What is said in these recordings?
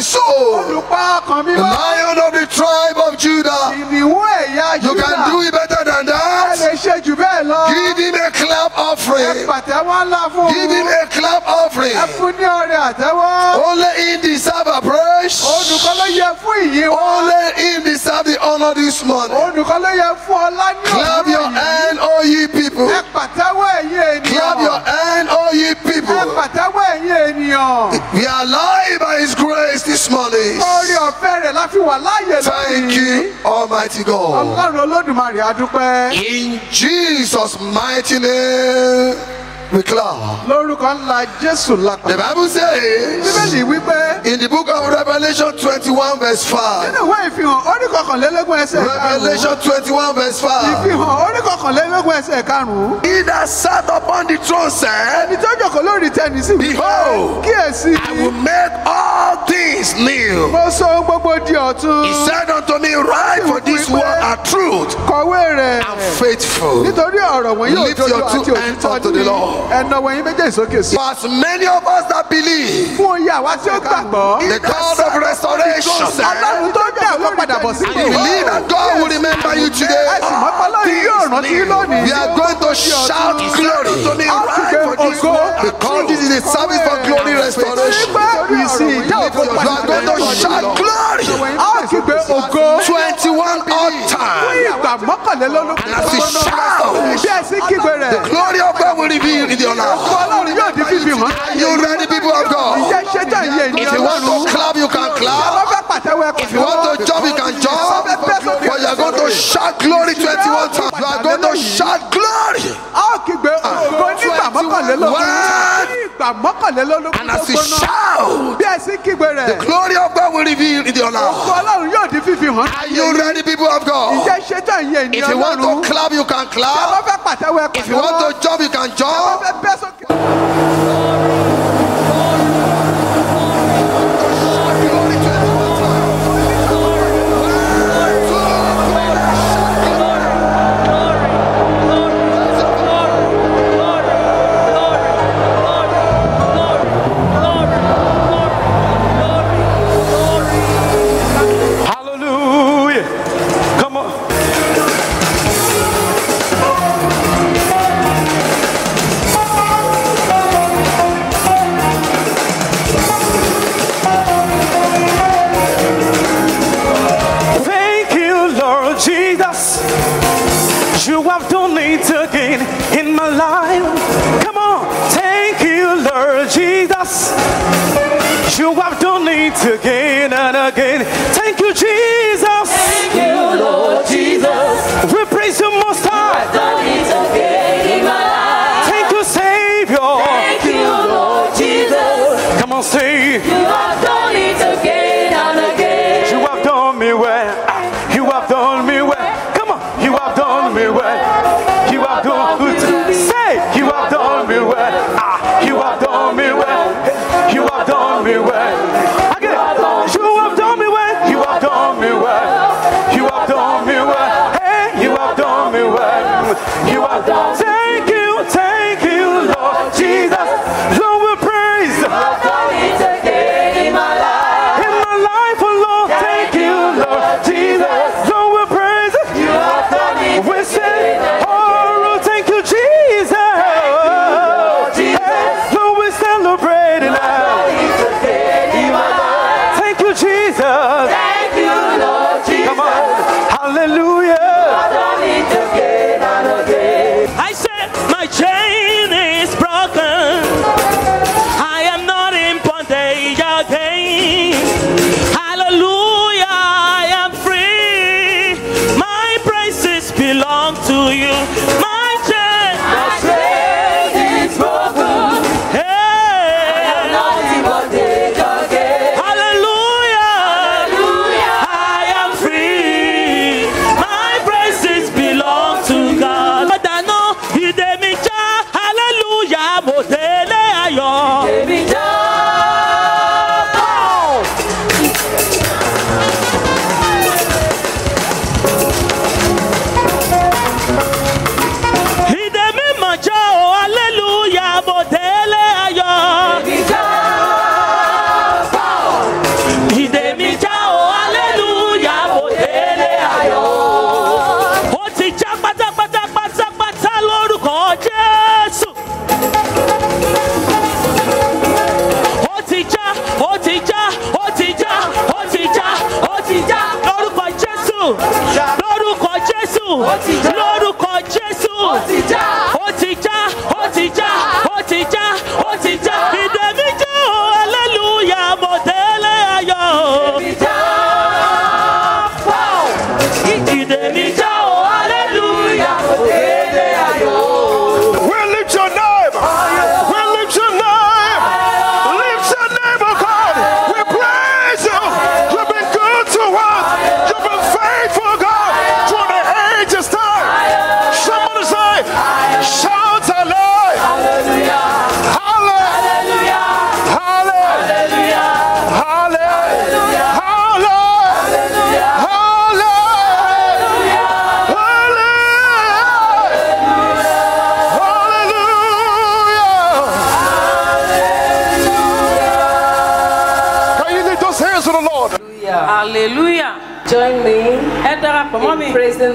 my soul, the lion of the tribe of Judah. You can do it better than that. Give him a clap offering. Give him a clap offering. Only in deserve a praise. Only him deserve the honor this morning. Clap your hand, all ye people. Clap your hand. O ye people. Ẹ pàtẹ́wọ́ ẹ̀yin ènìyàn. We are alive by His grace this morning. Orí ọ̀fẹ́ rẹ̀ la fi wà láàyè lónìí. Thank you Almighty God. Ọlọ́run Olódùmarè a In Jesus' mighty name with cloud. lórúkọ ńlá jésù lápá. the bible says. bíbélì wípé. in the book of revolution twenty-one verse five. nínú ìwé ìfihàn orí kọkànlélógún ẹsẹ̀ karùn-ún. revolution twenty-one verse five. ìfihàn orí kọkànlélógún ẹsẹ̀ karùn-ún. he that sat upon the throne said. ẹni tó jókòó lórí tẹ́ni sí. behold kíyèsí. I will make all things new. mo sọ gbogbo di ọ̀tun. he said unto me write for this word a truth. kọ̀wé rẹ̀. and faithful. nítorí ọ̀rọ̀ wọn yóò dojú àti òtítọ́ ní. lift your two hands unto the Lord. Ẹnu ọwọ́ yín méjèèjì sókè sí. For as many of us that believe. Fún oyè àwa tí ó gbàgbọ́. The call of restoration. Ọlọ́run tó dé àwọn padà bọ̀ sí. You believe that God will remember you today. Ẹ sì mọ́ Ọlọ́run yóò rántí lónìí. We are going to shout glory. Ògo. Because this is a service for glory restoration. We see. You are going to shout glory. Àkìgbé ògo. Twenty-one altar. Fún ìgbà mọ́kànlélólógún. And as we shout. Bí ẹ sì kígbe rẹ̀. The glory of God will reveal níbi ọ̀la. ọkọ you ready people of God. if you want to clap you can clap. If you want to jump, you can jump. But you are going to shout glory 21 times. You are going to shout glory. And, ah. and as you shout, the glory of God will reveal in your life. Are you ready, people of God? If you want to clap, you can clap. If you want to jump, you can jump. meet again and again. Thank you, Jesus. Thank you, Lord Jesus. We praise you.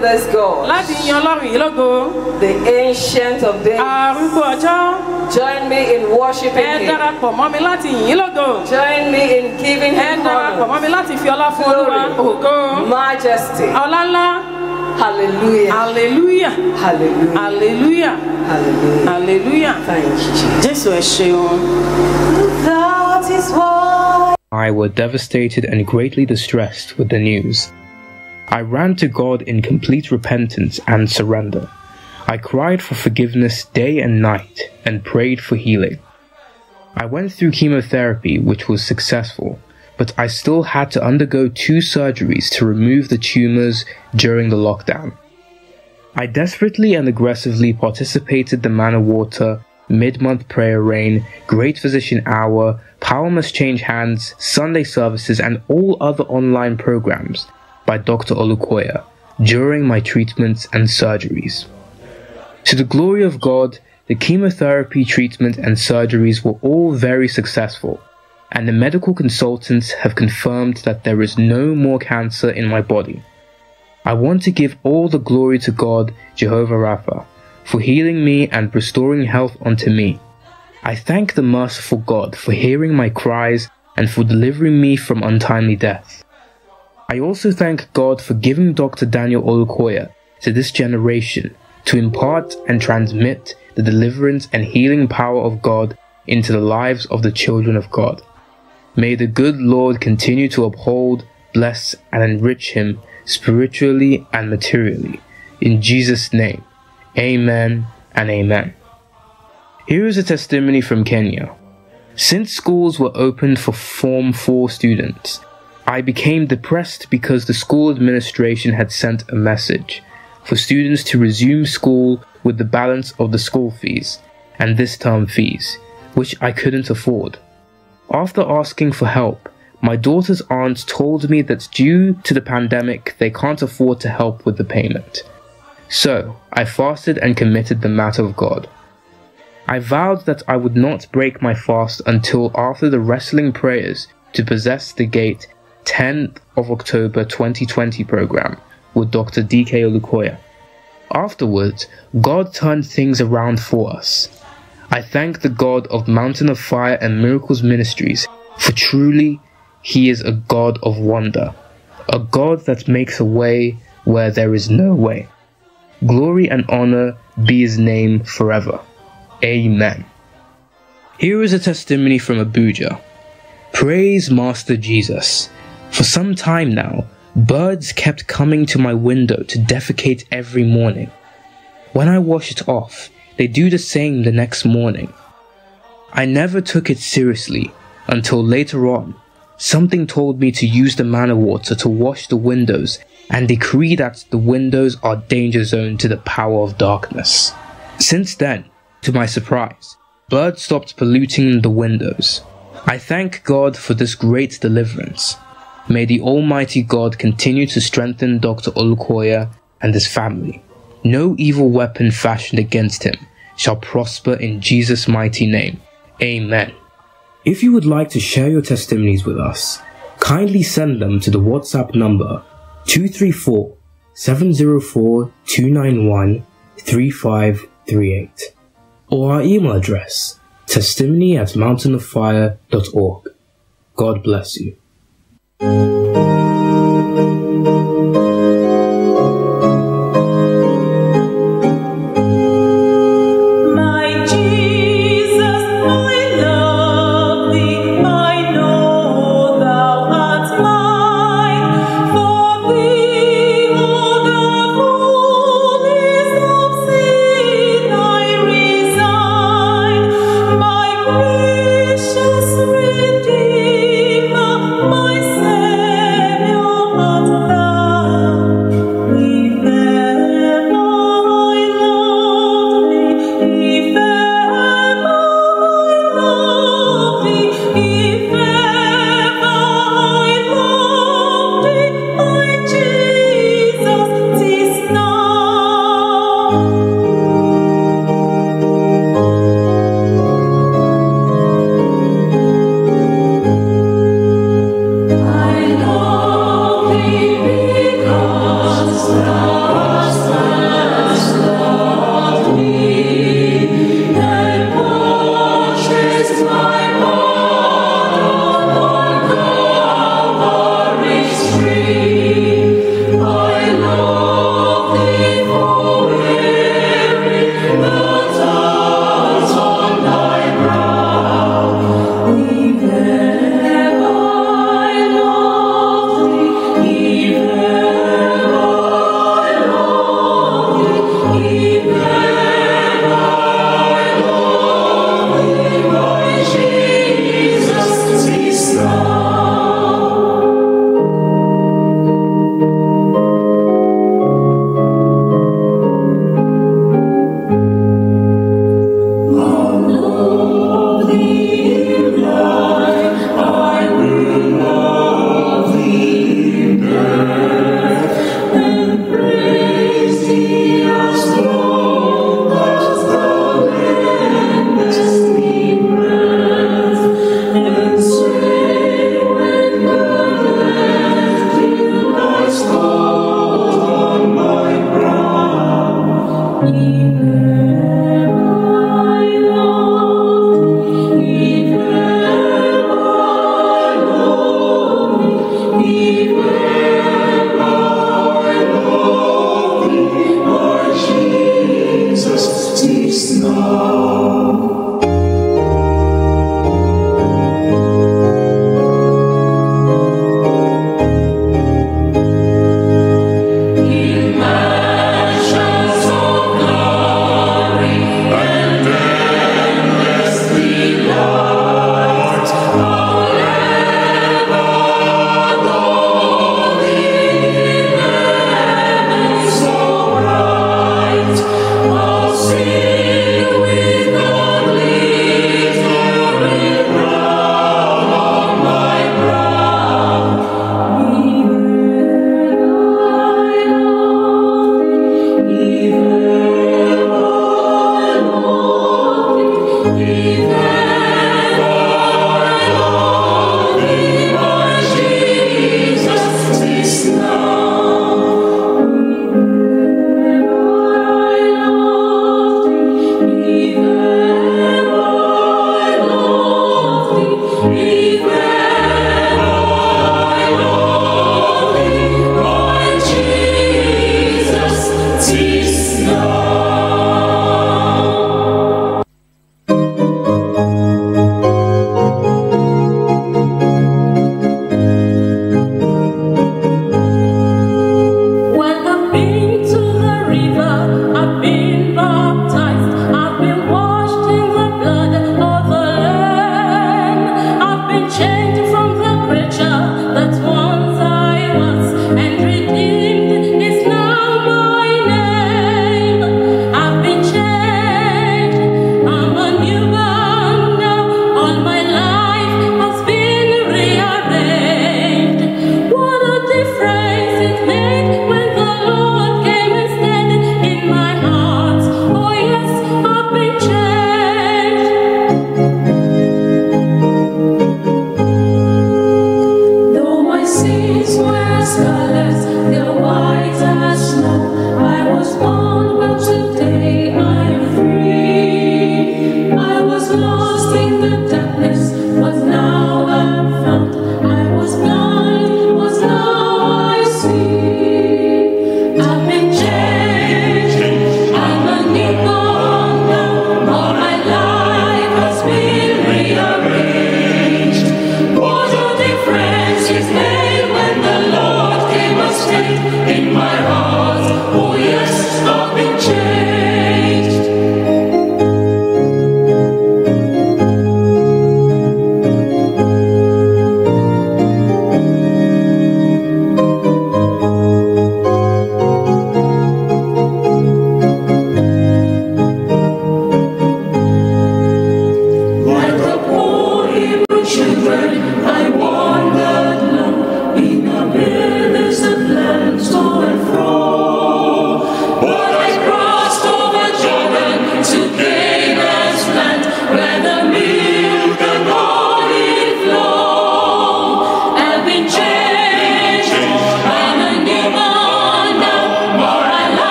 praising God. The ancient of days. Join me in worshiping him. Join me in giving him honor. Majesty. Hallelujah. Hallelujah. Hallelujah. Hallelujah. Hallelujah. Hallelujah. Thank you, Jesus. That is why. I was devastated and greatly distressed with the news. I ran to God in complete repentance and surrender. I cried for forgiveness day and night and prayed for healing. I went through chemotherapy, which was successful, but I still had to undergo two surgeries to remove the tumors during the lockdown. I desperately and aggressively participated the Man of Water, Mid Month Prayer Rain, Great Physician Hour, Power Must Change Hands, Sunday services, and all other online programs by Dr. Olukoya during my treatments and surgeries. To the glory of God, the chemotherapy treatment and surgeries were all very successful, and the medical consultants have confirmed that there is no more cancer in my body. I want to give all the glory to God, Jehovah Rapha, for healing me and restoring health unto me. I thank the merciful God for hearing my cries and for delivering me from untimely death. I also thank God for giving Dr. Daniel Olukoya to this generation to impart and transmit the deliverance and healing power of God into the lives of the children of God. May the good Lord continue to uphold, bless, and enrich him spiritually and materially. In Jesus' name, amen and amen. Here is a testimony from Kenya. Since schools were opened for Form 4 students, I became depressed because the school administration had sent a message for students to resume school with the balance of the school fees and this term fees, which I couldn't afford. After asking for help, my daughter's aunt told me that due to the pandemic, they can't afford to help with the payment. So, I fasted and committed the matter of God. I vowed that I would not break my fast until after the wrestling prayers to possess the gate 10th of October 2020 program with Dr. DK Olukoya. Afterwards, God turned things around for us. I thank the God of Mountain of Fire and Miracles Ministries, for truly He is a God of wonder, a God that makes a way where there is no way. Glory and honor be His name forever. Amen. Here is a testimony from Abuja. Praise Master Jesus. For some time now, birds kept coming to my window to defecate every morning. When I wash it off, they do the same the next morning. I never took it seriously until later on, something told me to use the manor water to wash the windows and decree that the windows are danger zone to the power of darkness. Since then, to my surprise, birds stopped polluting the windows. I thank God for this great deliverance. May the Almighty God continue to strengthen Dr. Olukoya and his family. No evil weapon fashioned against him shall prosper in Jesus' mighty name. Amen. If you would like to share your testimonies with us, kindly send them to the WhatsApp number 234 704 291 3538 or our email address testimony at mountainoffire.org. God bless you. Música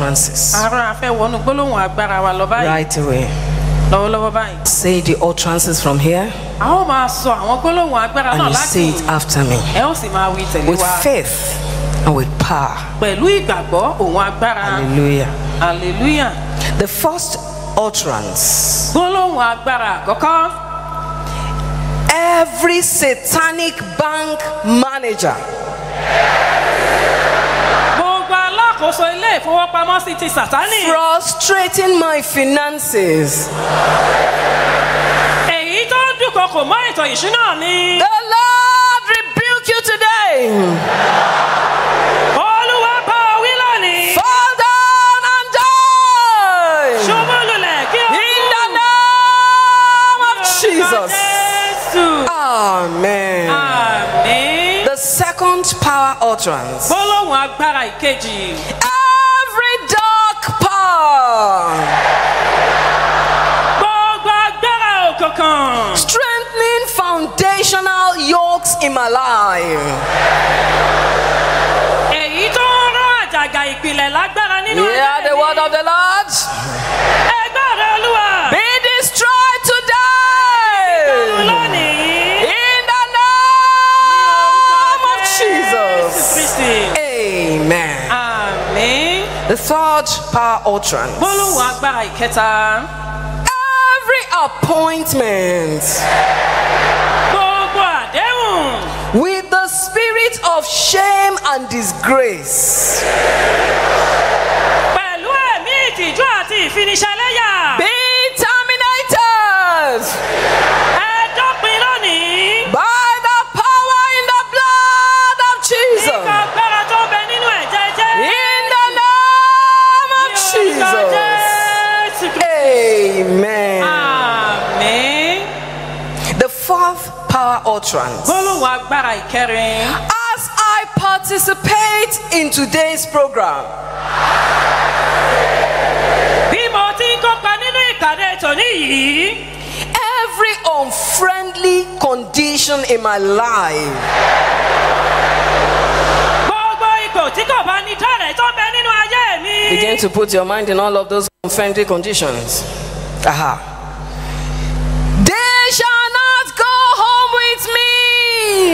utterances. Right away. Say the utterances from here. And you say it after me. With faith and with power. Hallelujah. Hallelujah. The first utterance. Every satanic bank manager. Yeah àkóso ilé ìfowópamọ́sí ti sàtánì. frustrating my finances. èyí tó ń dúnkokò mọ́ ètò ìṣúná ni. the lord rebuke you today. olúwa bá ọ in the name of jesus. amen. amen. second power utterance. Gbólóhùn Every dark power. Strengthening foundational yokes in my life. Yeah, the word of the Lord. third power utterance. gbólóhùn agbára ìkẹta. every appointment. gbogbo àdéhùn. with the spirit of shame and disgrace. pẹ̀lú ẹ̀mí ìtìjú àti ìfiniṣẹ́lẹ́yà. bí utterance. As I participate in today's program. Every unfriendly condition in my life. Begin to put your mind in all of those unfriendly conditions. Aha. They shall In the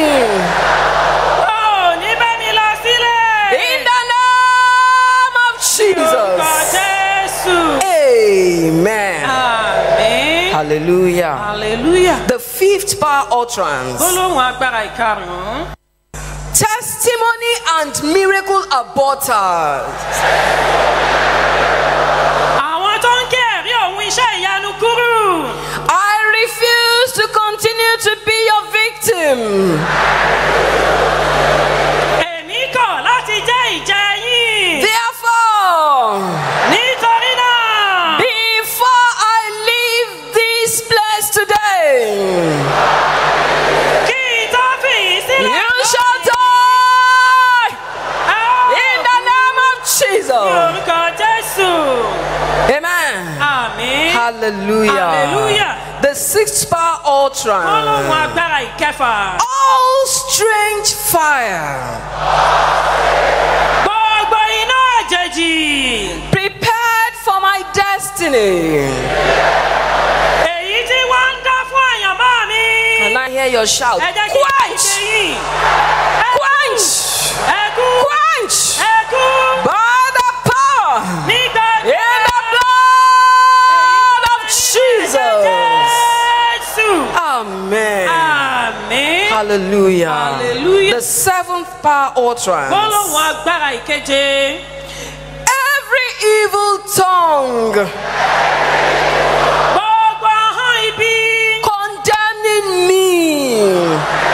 name of Jesus. Amen. Hallelujah. Hallelujah. The fifth power utterance. Testimony and miracle aborters. Àwọn tó ń kẹ́ ẹ̀rí òun iṣẹ́ ìyanu kúrú. continue to be your victim. Therefore. Before I leave this place today. You shall die. In the name of Jesus. Amen. Hallelujah. Hallelujah. The sixth power ultra. All strange fire. Gbogbo iná àjèjì. Prepared for my destiny. Èyí tí wọ́n Can I hear your shout? Quench. jẹ́ Quench. Quench. Hallelujah. Hallelujah. The seventh power utterance. Every evil tongue. Condemning me.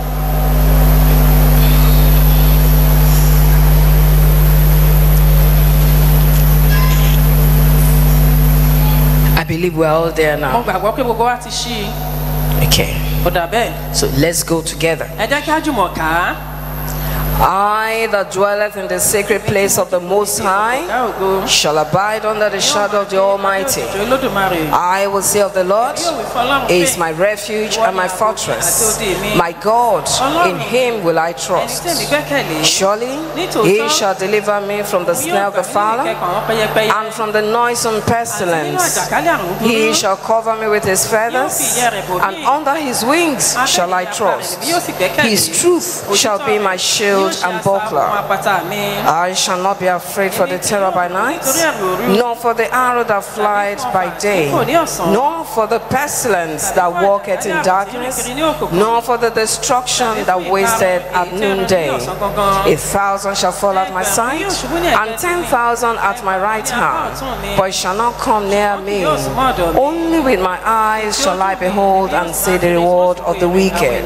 believe we all there now. mo gbàgbọ́ pé gbogbo wa ti ṣí okay. ó dà bẹ́ẹ̀. so let's go together. ẹ jẹ́ kí a jùmọ̀ ká. I that dwelleth in the sacred place of the Most High shall abide under the shadow of the Almighty. I will say of the Lord, He is my refuge and my fortress. My God, in Him will I trust. Surely He shall deliver me from the snare of the fowler and from the noisome pestilence. He shall cover me with His feathers, and under His wings shall I trust. His truth shall be my shield and buckler. I shall not be afraid for the terror by night, nor for the arrow that flies by day, nor for the pestilence that walketh in darkness, nor for the destruction that wasted at noonday. A thousand shall fall at my side, and ten thousand at my right hand, but it shall not come near me. Only with my eyes shall I behold and see the reward of the wicked,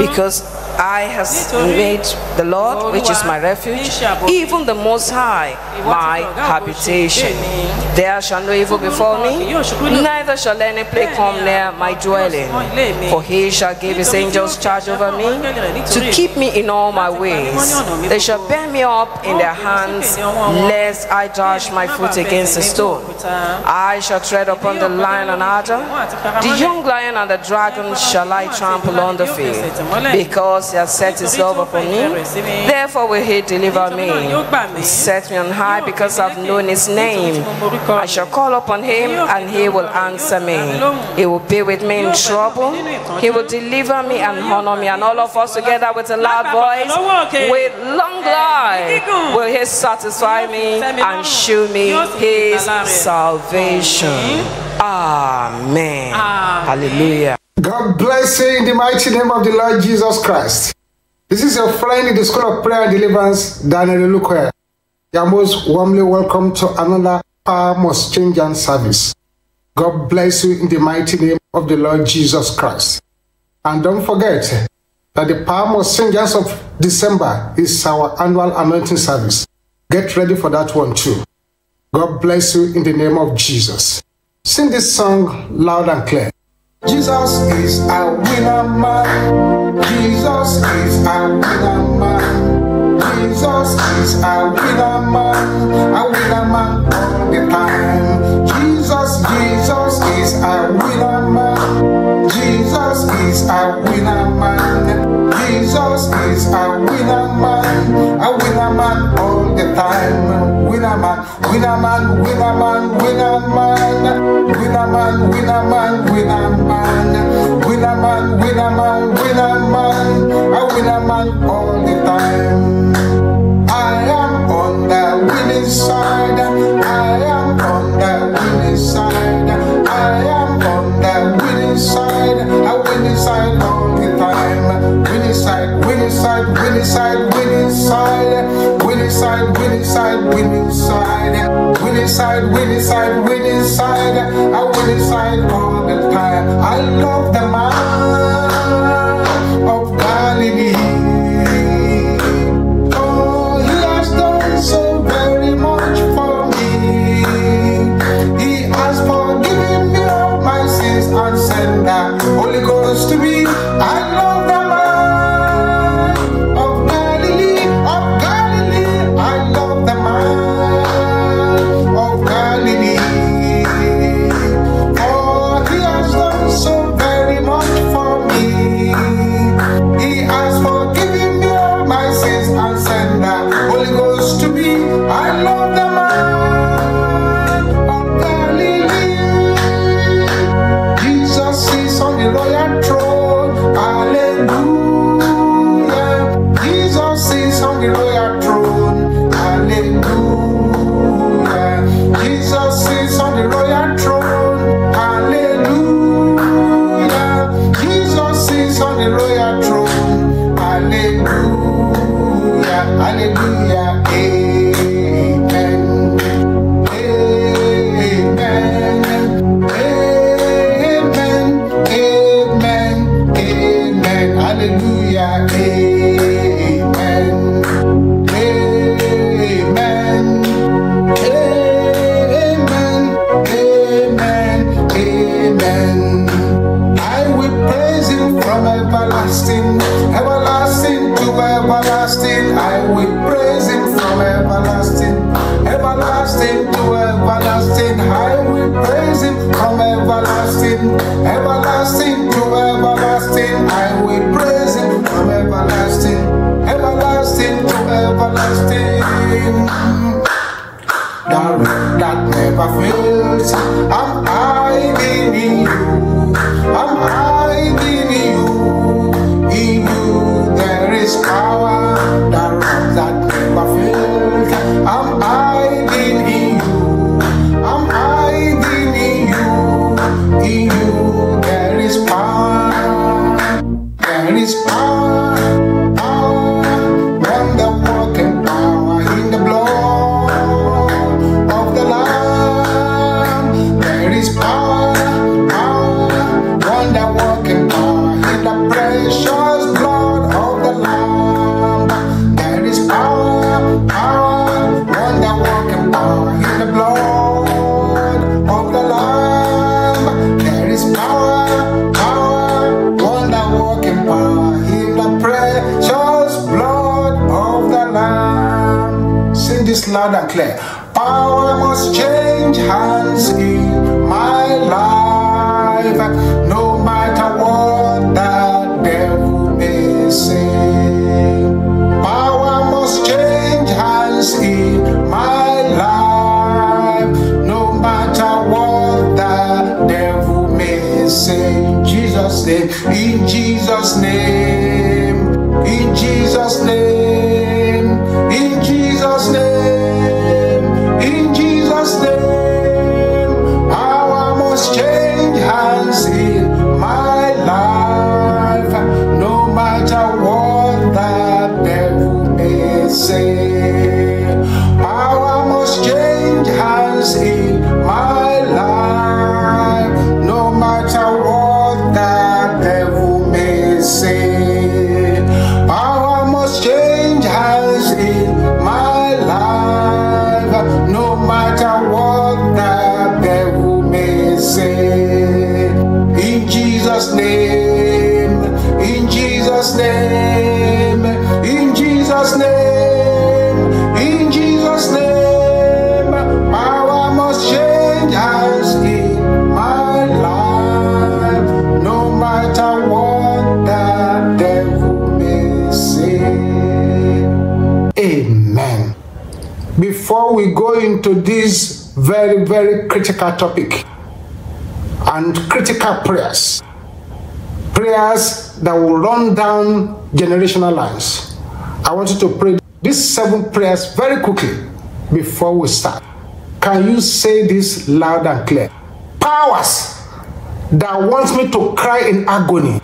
because I has made the Lord, which is my refuge, even the Most High, my habitation. There shall no evil befall me, neither shall any plague come near my dwelling. For he shall give his angels charge over me, to keep me in all my ways. They shall bear me up in their hands, lest I dash my foot against a stone. I shall tread upon the lion and adder, the young lion and the dragon shall I trample on the field, because once he has set his love upon me, therefore will he deliver me. Set me on high because I've known his name. I shall call upon him and he will answer me. He will be with me in trouble. He will deliver me and honor me. And all of us together with a loud voice, with long life, will he satisfy me and show me his salvation. Amen. Amen. Hallelujah. God bless you in the mighty name of the Lord Jesus Christ. This is your friend in the School of Prayer and Deliverance, Daniel Lukwe. You are most warmly welcome to another power must change and service. God bless you in the mighty name of the Lord Jesus Christ. And don't forget that the power must change of December is our annual anointing service. Get ready for that one too. God bless you in the name of Jesus. Sing this song loud and clear. Jesus is a winner man. Jesus is a winner man. Jesus is a winner man. A winner man all the time. Jesus, Jesus is a winner man. Jesus is a winner man. Jesus is a winner man, a winner man all the time. Winner man, winner man, winner man, winner man, winner man, winner man, winner man, winner man, winner man, winner man, a winner man all the time. I am on the winning side. I am side, winning side, winning side, winning side, winning side, winning side, winning side, winning side, winning side, winning side, I win inside all the time. I love the mind. clair. critical topic and critical prayers. Prayers that will run down generational lines. I want you to pray these seven prayers very quickly before we start. Can you say this loud and clear? Powers that want me to cry in agony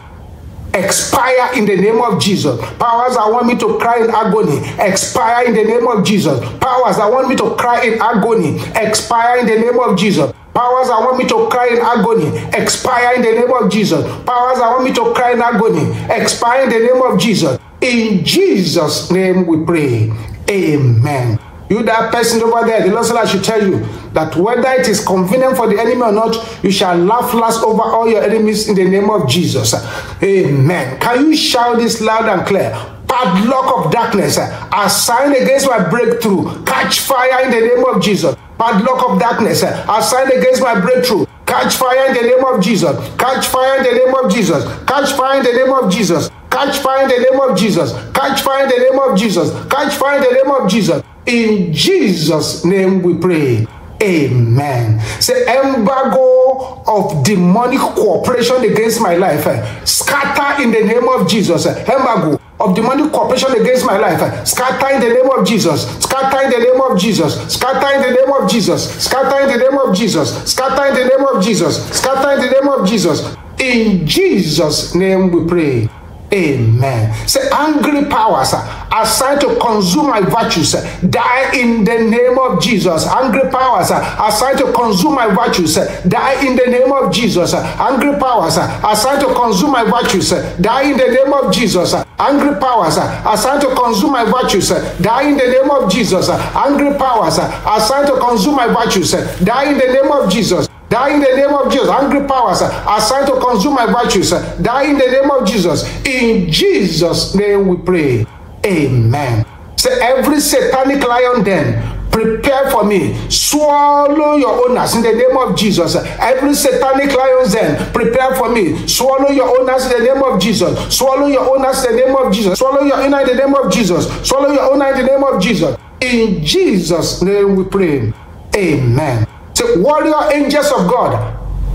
expire in the name of Jesus. Powers that want me to cry in agony, expire in the name of Jesus. Powers that want me to cry in agony, expire in the name of Jesus. Powers that want me to cry in agony, expire in the name of Jesus. Powers that want me to cry in agony, expire in the name of Jesus. In Jesus' name we pray. Amen. You that person over there, the Lord said I should tell you, that whether it is convenient for the enemy or not, you shall laugh last over all your enemies in the name of Jesus. Amen. Can you shout this loud and clear? Padlock of darkness, sign against my breakthrough, catch fire in the name of Jesus. Padlock of darkness, sign against my breakthrough, catch fire in the name of Jesus. Catch fire in the name of Jesus. Catch fire in the name of Jesus. Catch fire in the name of Jesus. Catch fire in the name of Jesus. Catch fire in the name of Jesus. In Jesus' name we pray. Amen. Say embargo of demonic cooperation against my life. Eh? Scatter in the name of Jesus. Eh? Embargo of demonic cooperation against my life. Eh? Scatter in the name of Jesus. Scatter in the name of Jesus. Scatter in the name of Jesus. Scatter in the name of Jesus. Scatter in the name of Jesus. Scatter in the name of Jesus. In Jesus' name we pray. Amen. Say, angry powers assigned to consume my virtues, die in the name of Jesus. Angry powers assigned to consume my virtues, die in the name of Jesus. Angry powers assigned to consume my virtues, die in the name of Jesus. Angry powers assigned to consume my virtues, die in the name of Jesus. Angry powers assigned to consume my virtues, die in the name of Jesus. Die in the name of Jesus. Angry powers uh, assigned to consume my virtues. Uh, die in the name of Jesus. In Jesus' name we pray. Amen. Say, every satanic lion then prepare for me swallow your owners in the name of jesus every satanic lion then prepare for me swallow your owners in the name of jesus swallow your owners in the name of jesus swallow your owner in the name of jesus swallow your owner in the name of jesus in jesus name we pray amen Say, warrior angels of God,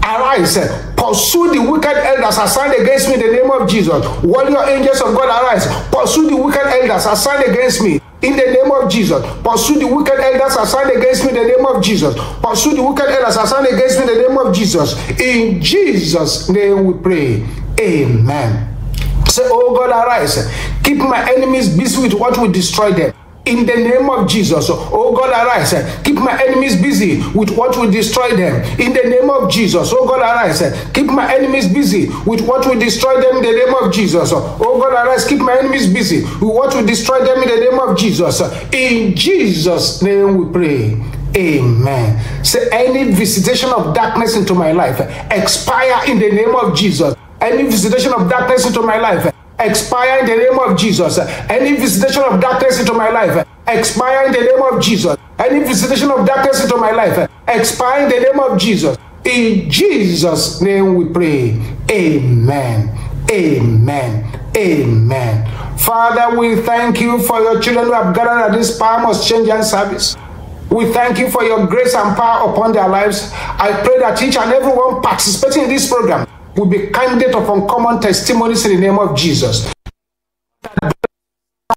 arise pursue the wicked elders assigned against me in the name of jesus warrior angels of god arise pursue the wicked elders assigned against me in the name of jesus pursue the wicked elders assigned against me in the name of jesus pursue the wicked elders assigned against me in the name of jesus in jesus name we pray amen say oh god arise keep my enemies busy with what will destroy them In the name of Jesus, oh God, arise. Keep my enemies busy with what will destroy them. In the name of Jesus, oh God, arise. Keep my enemies busy with what will destroy them. In the name of Jesus, oh God, arise. Keep my enemies busy with what will destroy them. In the name of Jesus, in Jesus' name we pray. Amen. Say, any visitation of darkness into my life expire in the name of Jesus. Any visitation of darkness into my life expire in the name of Jesus. Any visitation of darkness into my life, expire in the name of Jesus. Any visitation of darkness into my life, expire in the name of Jesus. In Jesus' name we pray. Amen. Amen. Amen. Father, we thank you for your children who have gathered at this Palm Exchange and service. We thank you for your grace and power upon their lives. I pray that each and everyone participating in this program will be candidate of uncommon testimonies in the name of Jesus.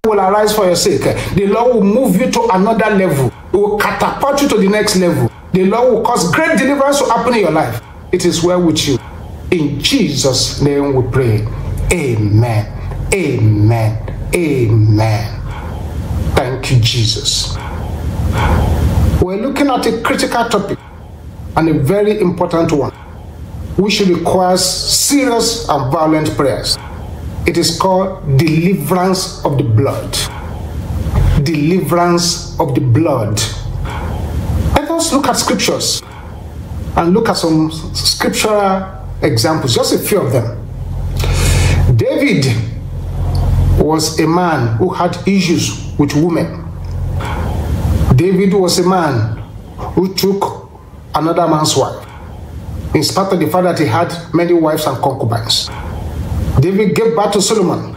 Will arise for your sake. The Lord will move you to another level. It will catapult you to the next level. The Lord will cause great deliverance to happen in your life. It is well with you. In Jesus' name we pray. Amen. Amen. Amen. Thank you, Jesus. We're looking at a critical topic and a very important one which requires serious and violent prayers. It is called deliverance of the blood. Deliverance of the blood. Let us look at scriptures and look at some scriptural examples, just a few of them. David was a man who had issues with women. David was a man who took another man's wife. in spite of the fact that he had many wives and concubines. David gave birth to Solomon.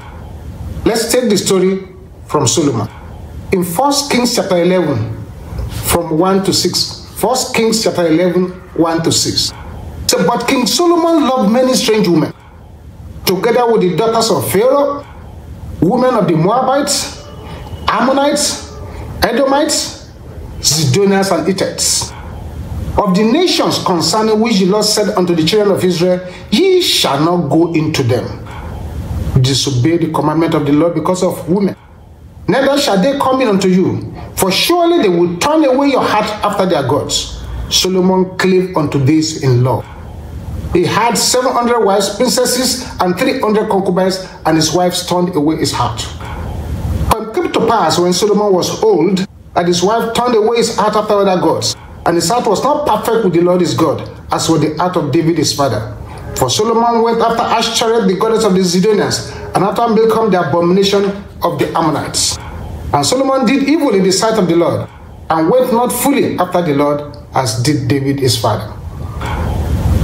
Let's take the story from Solomon. In 1 Kings chapter 11, from 1 to 6. 1 Kings chapter 11, 1 to 6. So, but King Solomon loved many strange women, together with the daughters of Pharaoh, women of the Moabites, Ammonites, Edomites, Zidonians, and Hittites. of the nations concerning which the Lord said unto the children of Israel, Ye shall not go into them. Disobey the commandment of the Lord because of women. Neither shall they come in unto you, for surely they will turn away your heart after their gods. Solomon clave unto this in love. He had 700 wives, princesses, and 300 concubines, and his wives turned away his heart. But it came to pass when Solomon was old that his wife turned away his heart after other gods. And his heart was not perfect with the Lord his God, as was the heart of David his father. For Solomon went after Ashtoreth, the goddess of the Zidonians, and after him became the abomination of the Ammonites. And Solomon did evil in the sight of the Lord, and went not fully after the Lord, as did David his father.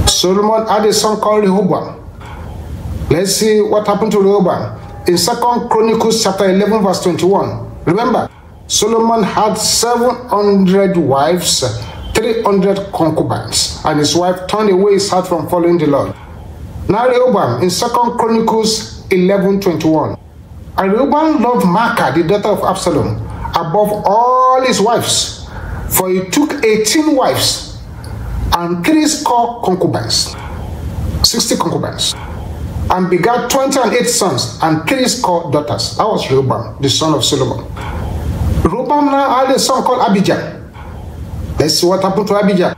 Solomon had a son called Rehoboam. Let's see what happened to Rehoboam. In 2 Chronicles chapter 11, verse 21. Remember, Solomon had 700 wives 300 concubines, and his wife turned away his heart from following the Lord. Now Rehoboam in 2 Chronicles 11:21. And Rehoboam loved Maacah, the daughter of Absalom, above all his wives, for he took 18 wives and three score concubines, 60 concubines, and begat 28 sons and three score daughters. That was Rehoboam, the son of Solomon. Rehoboam now had a son called Abijah ɛsi wɔtapoto abigya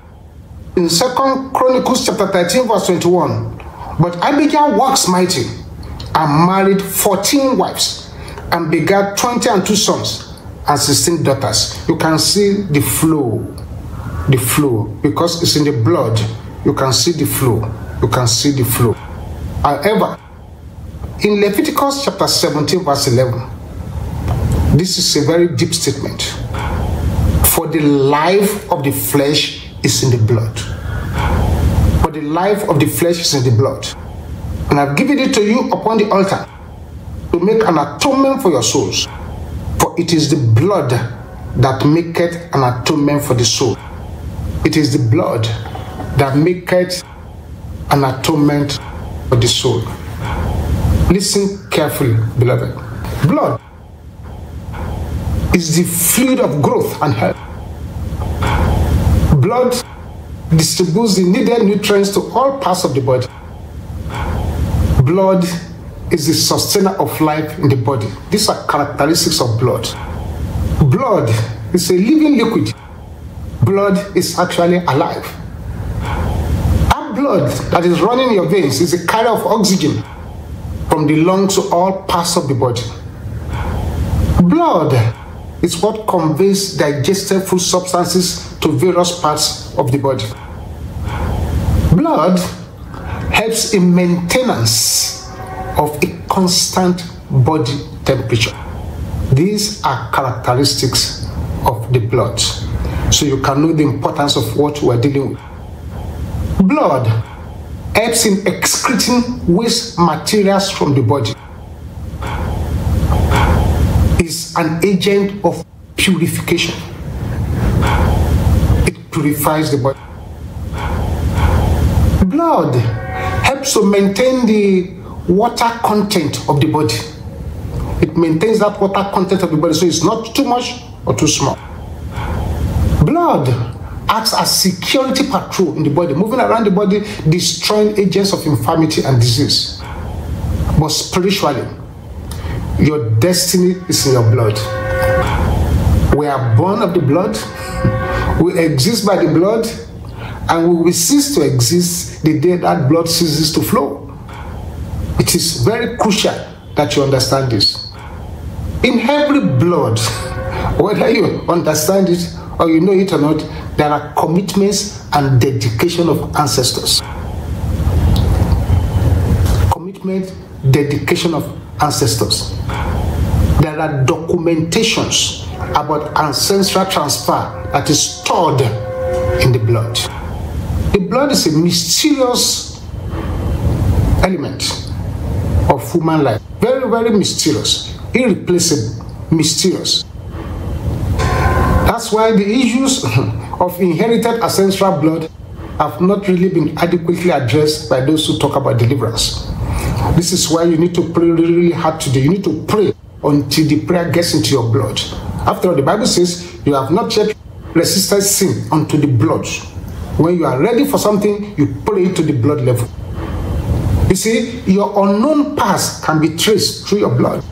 in second chronicles chapter thirteen verse twenty-one but abigya works mighty and married fourteen wives and begat twenty and two sons and sixteen daughters you can see the flow the flow because it's in the blood you can see the flow you can see the flow however in leviticus chapter seventeen verse eleven this is a very deep statement For the life of the flesh is in the blood. But the life of the flesh is in the blood. And I've given it to you upon the altar to make an atonement for your souls. For it is the blood that maketh an atonement for the soul. It is the blood that maketh an atonement for the soul. Listen carefully, beloved. Blood is the fluid of growth and health. Blood distributes the needed nutrients to all parts of the body. Blood is the sustainer of life in the body. These are characteristics of blood. Blood is a living liquid. Blood is actually alive. That blood that is running in your veins is a carrier of oxygen from the lungs to all parts of the body. Blood is what conveys digested food substances to various parts of the body. Blood helps in maintenance of a constant body temperature. These are characteristics of the blood. So you can know the importance of what we are dealing with. Blood helps in excreting waste materials from the body is an agent of purification. It purifies the body. Blood helps to maintain the water content of the body. It maintains that water content of the body, so it's not too much or too small. Blood acts as security patrol in the body, moving around the body, destroying agents of infirmity and disease. But spiritually, Your destiny is in your blood. We are born of the blood, we exist by the blood, and we will cease to exist the day that blood ceases to flow. It is very crucial that you understand this. In every blood, whether you understand it or you know it or not, there are commitments and dedication of ancestors. Commitment, dedication of ancestors. There are documentations about ancestral transfer that is stored in the blood. The blood is a mysterious element of human life. Very, very mysterious, irreplaceable, mysterious. That's why the issues of inherited ancestral blood have not really been adequately addressed by those who talk about deliverance. This is why you need to pray really, really hard today. You need to pray until the prayer gets into your blood. After all, the Bible says you have not yet resisted sin unto the blood. When you are ready for something, you pray to the blood level. You see, your unknown past can be traced through your blood.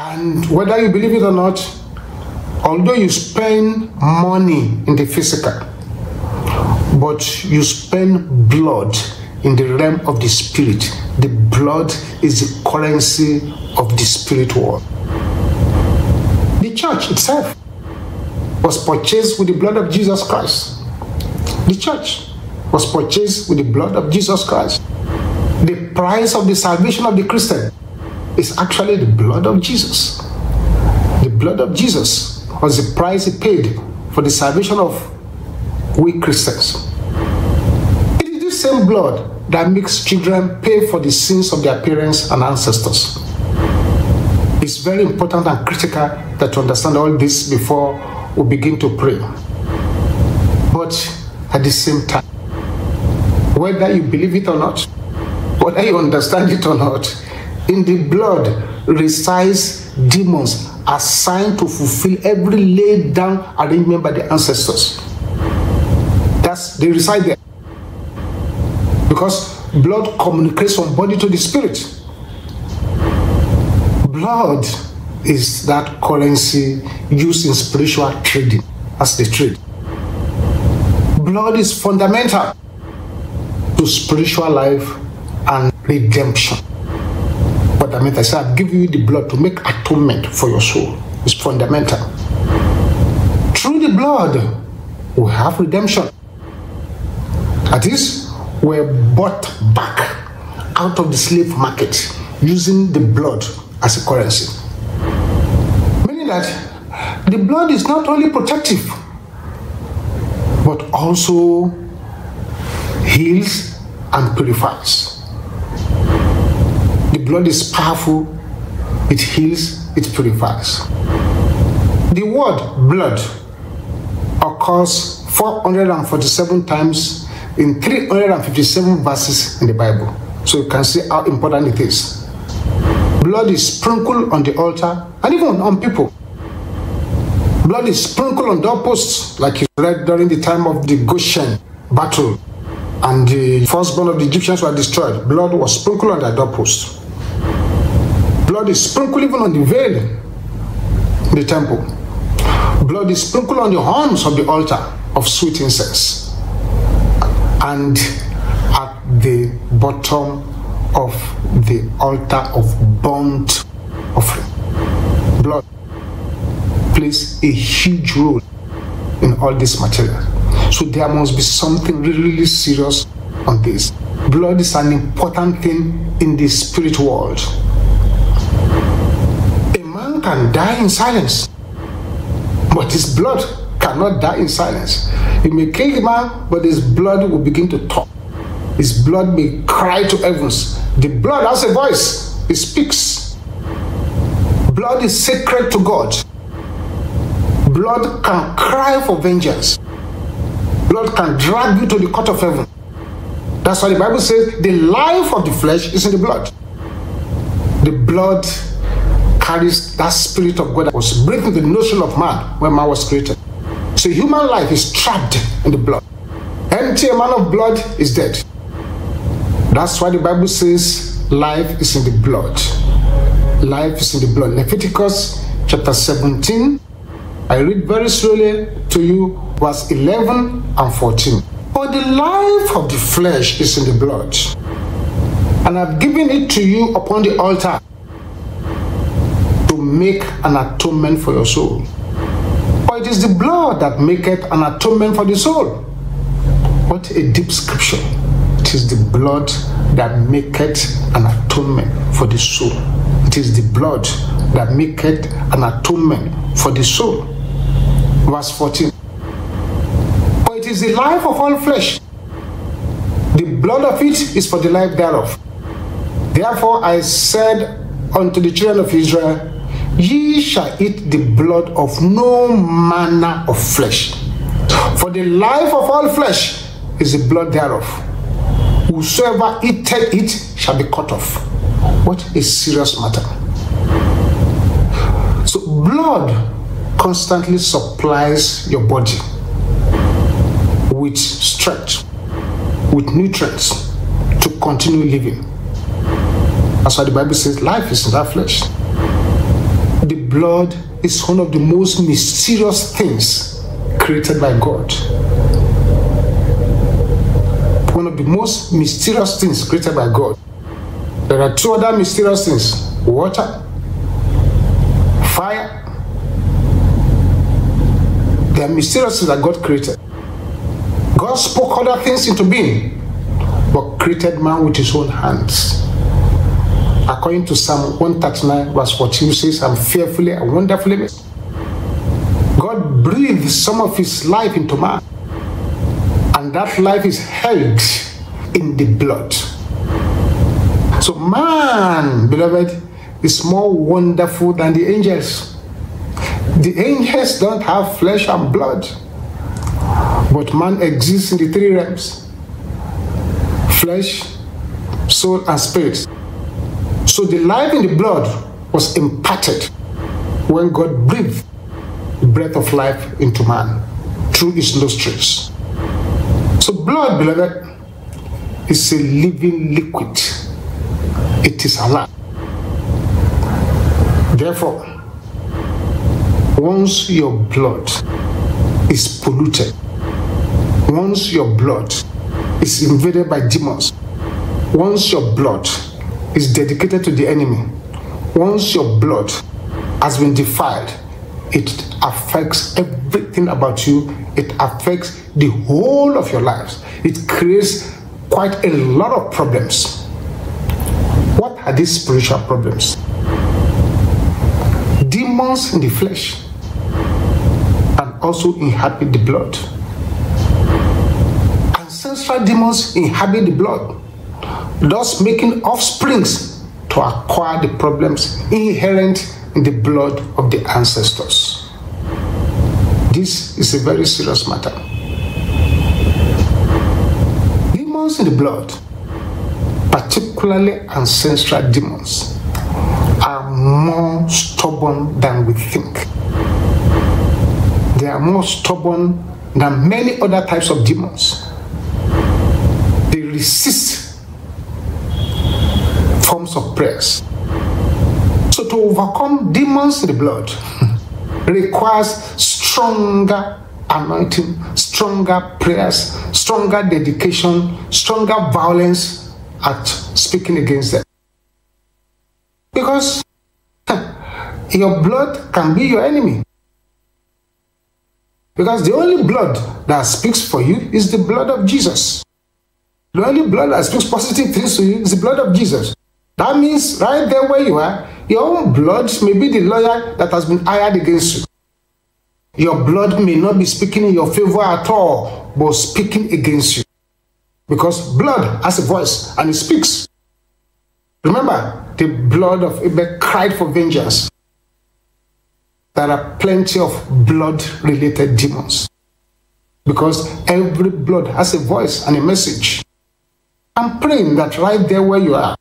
And whether you believe it or not, although you spend money in the physical, but you spend blood in the realm of the spirit. The blood is the currency of the spirit world. The church itself was purchased with the blood of Jesus Christ. The church was purchased with the blood of Jesus Christ. The price of the salvation of the Christian is actually the blood of Jesus. The blood of Jesus was the price he paid for the salvation of we Christians same same blood that makes children pay for the sins of their parents and ancestors. It's very important and critical that you understand all this before we begin to pray. But at the same time, whether you believe it or not, whether you understand it or not, in the blood resides demons assigned to fulfill every laid down arrangement by the ancestors. That's they reside there because blood communicates from body to the spirit. Blood is that currency used in spiritual trading as the trade. Blood is fundamental to spiritual life and redemption. But I mean, I said, i give you the blood to make atonement for your soul. It's fundamental. Through the blood, we have redemption. That is, were bought back out of the slave market using the blood as a currency. Meaning that the blood is not only protective, but also heals and purifies. The blood is powerful, it heals, it purifies. The word blood occurs 447 times in 357 verses in the Bible. So you can see how important it is. Blood is sprinkled on the altar and even on people. Blood is sprinkled on doorposts, like you read during the time of the Goshen battle, and the firstborn of the Egyptians were destroyed. Blood was sprinkled on their doorposts. Blood is sprinkled even on the veil in the temple. Blood is sprinkled on the horns of the altar of sweet incense and at the bottom of the altar of burnt offering. Blood plays a huge role in all this material. So there must be something really, really serious on this. Blood is an important thing in the spirit world. A man can die in silence, but his blood cannot die in silence. He may kill the man, but his blood will begin to talk. His blood may cry to heavens. The blood has a voice, it speaks. Blood is sacred to God. Blood can cry for vengeance. Blood can drag you to the court of heaven. That's why the Bible says the life of the flesh is in the blood. The blood carries that spirit of God that was breaking the notion of man when man was created. So human life is trapped in the blood. Empty amount of blood is dead. That's why the Bible says life is in the blood. Life is in the blood. Leviticus chapter 17. I read very slowly to you verse 11 and 14. For the life of the flesh is in the blood, and I've given it to you upon the altar to make an atonement for your soul it is the blood that maketh an atonement for the soul. What a deep scripture. It is the blood that maketh an atonement for the soul. It is the blood that maketh an atonement for the soul. Verse 14. For it is the life of all flesh. The blood of it is for the life thereof. Therefore I said unto the children of Israel, Ye shall eat the blood of no manner of flesh. For the life of all flesh is the blood thereof. Whosoever eateth it shall be cut off. What a serious matter. So, blood constantly supplies your body with strength, with nutrients to continue living. That's why the Bible says life is in that flesh. the blood is one of the most mysterious things created by God. One of the most mysterious things created by God. There are two other mysterious things water, fire. They are mysterious things that God created. God spoke other things into being, but created man with his own hands. according to Psalm 139, verse 14, says, I'm fearfully and wonderfully made. God breathed some of his life into man, and that life is held in the blood. So, man, beloved, is more wonderful than the angels. The angels don't have flesh and blood, but man exists in the three realms flesh, soul, and spirit. So the life in the blood was imparted when God breathed the breath of life into man through his nostrils. So blood, beloved, is a living liquid. It is alive. Therefore, once your blood is polluted, once your blood is invaded by demons, once your blood is dedicated to the enemy. Once your blood has been defiled, it affects everything about you. It affects the whole of your lives. It creates quite a lot of problems. What are these spiritual problems? Demons in the flesh and also inhabit the blood. Ancestral demons inhabit the blood thus making offsprings to acquire the problems inherent in the blood of the ancestors. This is a very serious matter. Demons in the blood, particularly ancestral demons, are more stubborn than we think. They are more stubborn than many other types of demons. They resist forms of prayers. So to overcome demons in the blood requires stronger anointing, stronger prayers, stronger dedication, stronger violence at speaking against them. Because your blood can be your enemy. Because the only blood that speaks for you is the blood of Jesus. The only blood that speaks positive things to you is the blood of Jesus. That means right there where you are, your own blood may be the lawyer that has been hired against you. Your blood may not be speaking in your favor at all, but speaking against you. Because blood has a voice and it speaks. Remember, the blood of Abel cried for vengeance. There are plenty of blood related demons. Because every blood has a voice and a message. I'm praying that right there where you are,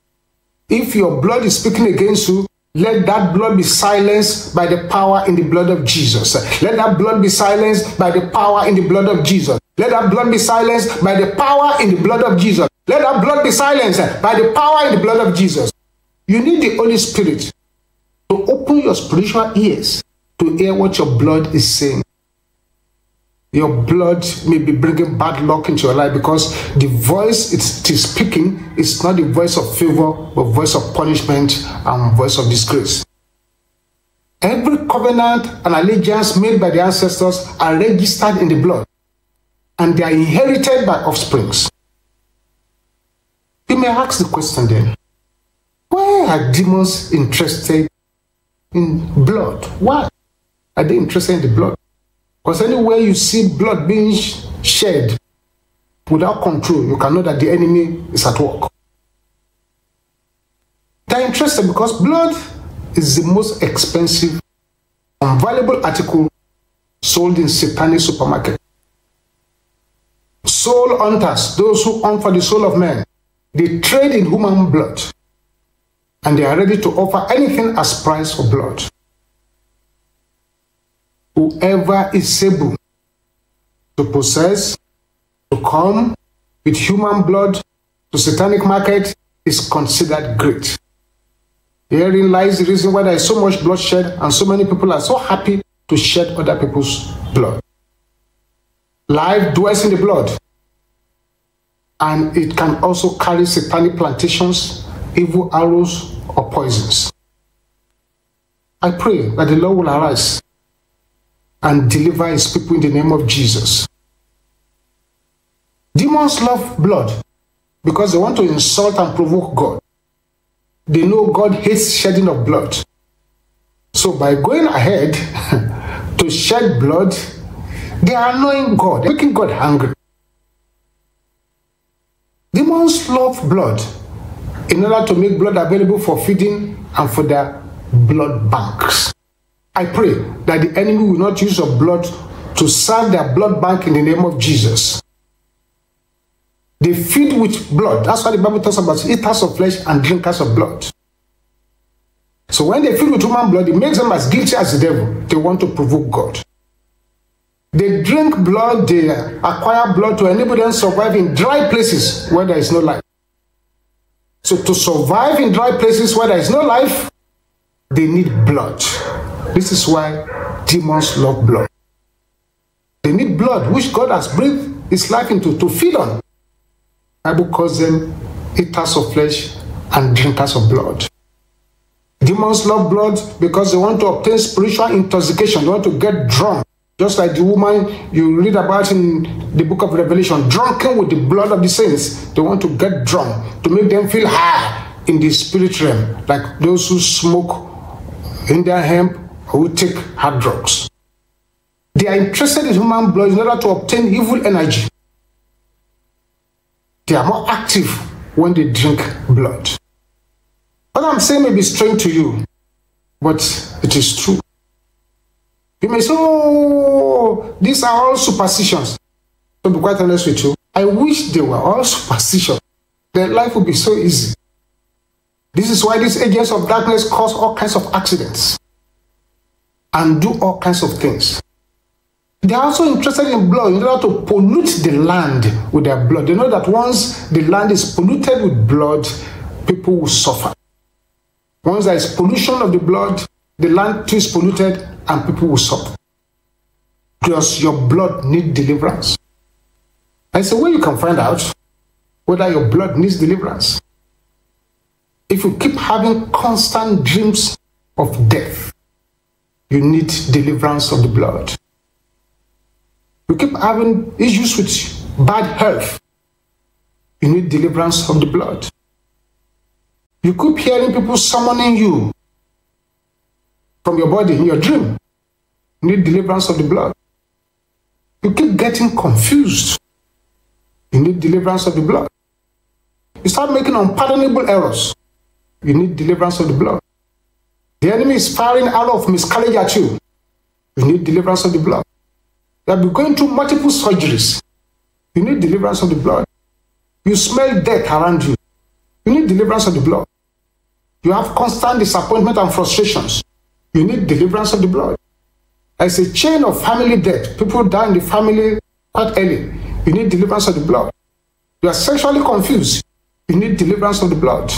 if your blood is speaking against you, let that blood be silenced by the power in the blood of Jesus. Let that blood be silenced by the power in the blood of Jesus. Let that blood be silenced by the power in the blood of Jesus. Let that blood be silenced by the power in the blood of Jesus. You need the Holy Spirit to open your spiritual ears to hear what your blood is saying. your blood may be bringing bad luck into your life because the voice it is speaking is not the voice of favor but voice of punishment and voice of disgrace every covenant and allegiance made by the ancestors are registered in the blood and they are inherited by offsprings you may ask the question then why are demons interested in blood why are they interested in the blood Because anywhere you see blood being shed without control, you can know that the enemy is at work. They're interested because blood is the most expensive and valuable article sold in satanic supermarket. Soul hunters, those who hunt for the soul of men, they trade in human blood and they are ready to offer anything as price for blood. whoever is able to possess, to come with human blood to satanic market is considered great. Herein lies the reason why there is so much bloodshed and so many people are so happy to shed other people's blood. Life dwells in the blood and it can also carry satanic plantations, evil arrows, or poisons. I pray that the Lord will arise and deliver his people in the name of Jesus. Demons love blood because they want to insult and provoke God. They know God hates shedding of blood. So by going ahead to shed blood, they are annoying God, making God angry. Demons love blood in order to make blood available for feeding and for their blood banks. I pray that the enemy will not use your blood to serve their blood bank in the name of Jesus. They feed with blood. That's why the Bible talks about eaters of flesh and drinkers of blood. So when they feed with human blood, it makes them as guilty as the devil. They want to provoke God. They drink blood, they acquire blood to enable them to survive in dry places where there is no life. So to survive in dry places where there is no life, they need blood. This is why demons love blood. They need blood, which God has breathed his life into, to feed on. The Bible calls them eaters of flesh and drinkers of blood. Demons love blood because they want to obtain spiritual intoxication. They want to get drunk. Just like the woman you read about in the book of Revelation, drunken with the blood of the saints. They want to get drunk to make them feel high in the spirit realm, like those who smoke Indian hemp who take hard drugs. They are interested in human blood in order to obtain evil energy. They are more active when they drink blood. What I'm saying may be strange to you, but it is true. You may say, oh, these are all superstitions. To be quite honest with you, I wish they were all superstitions. Then life would be so easy. This is why these agents of darkness cause all kinds of accidents. and do all kinds of things. They are also interested in blood in order to pollute the land with their blood. They know that once the land is polluted with blood, people will suffer. Once there is pollution of the blood, the land too is polluted and people will suffer. Does your blood need deliverance? It's a way you can find out whether your blood needs deliverance. If you keep having constant dreams of death, you need deliverance of the blood. You keep having issues with bad health, you need deliverance of the blood. You keep hearing people summoning you from your body in your dream, you need deliverance of the blood. You keep getting confused, you need deliverance of the blood. You start making unpardonable errors, you need deliverance of the blood. The enemy is firing out of miscarriage at you. You need deliverance of the blood. You have been going through multiple surgeries. You need deliverance of the blood. You smell death around you. You need deliverance of the blood. You have constant disappointment and frustrations. You need deliverance of the blood. There's a chain of family death. People die in the family quite early. You need deliverance of the blood. You are sexually confused. You need deliverance of the blood.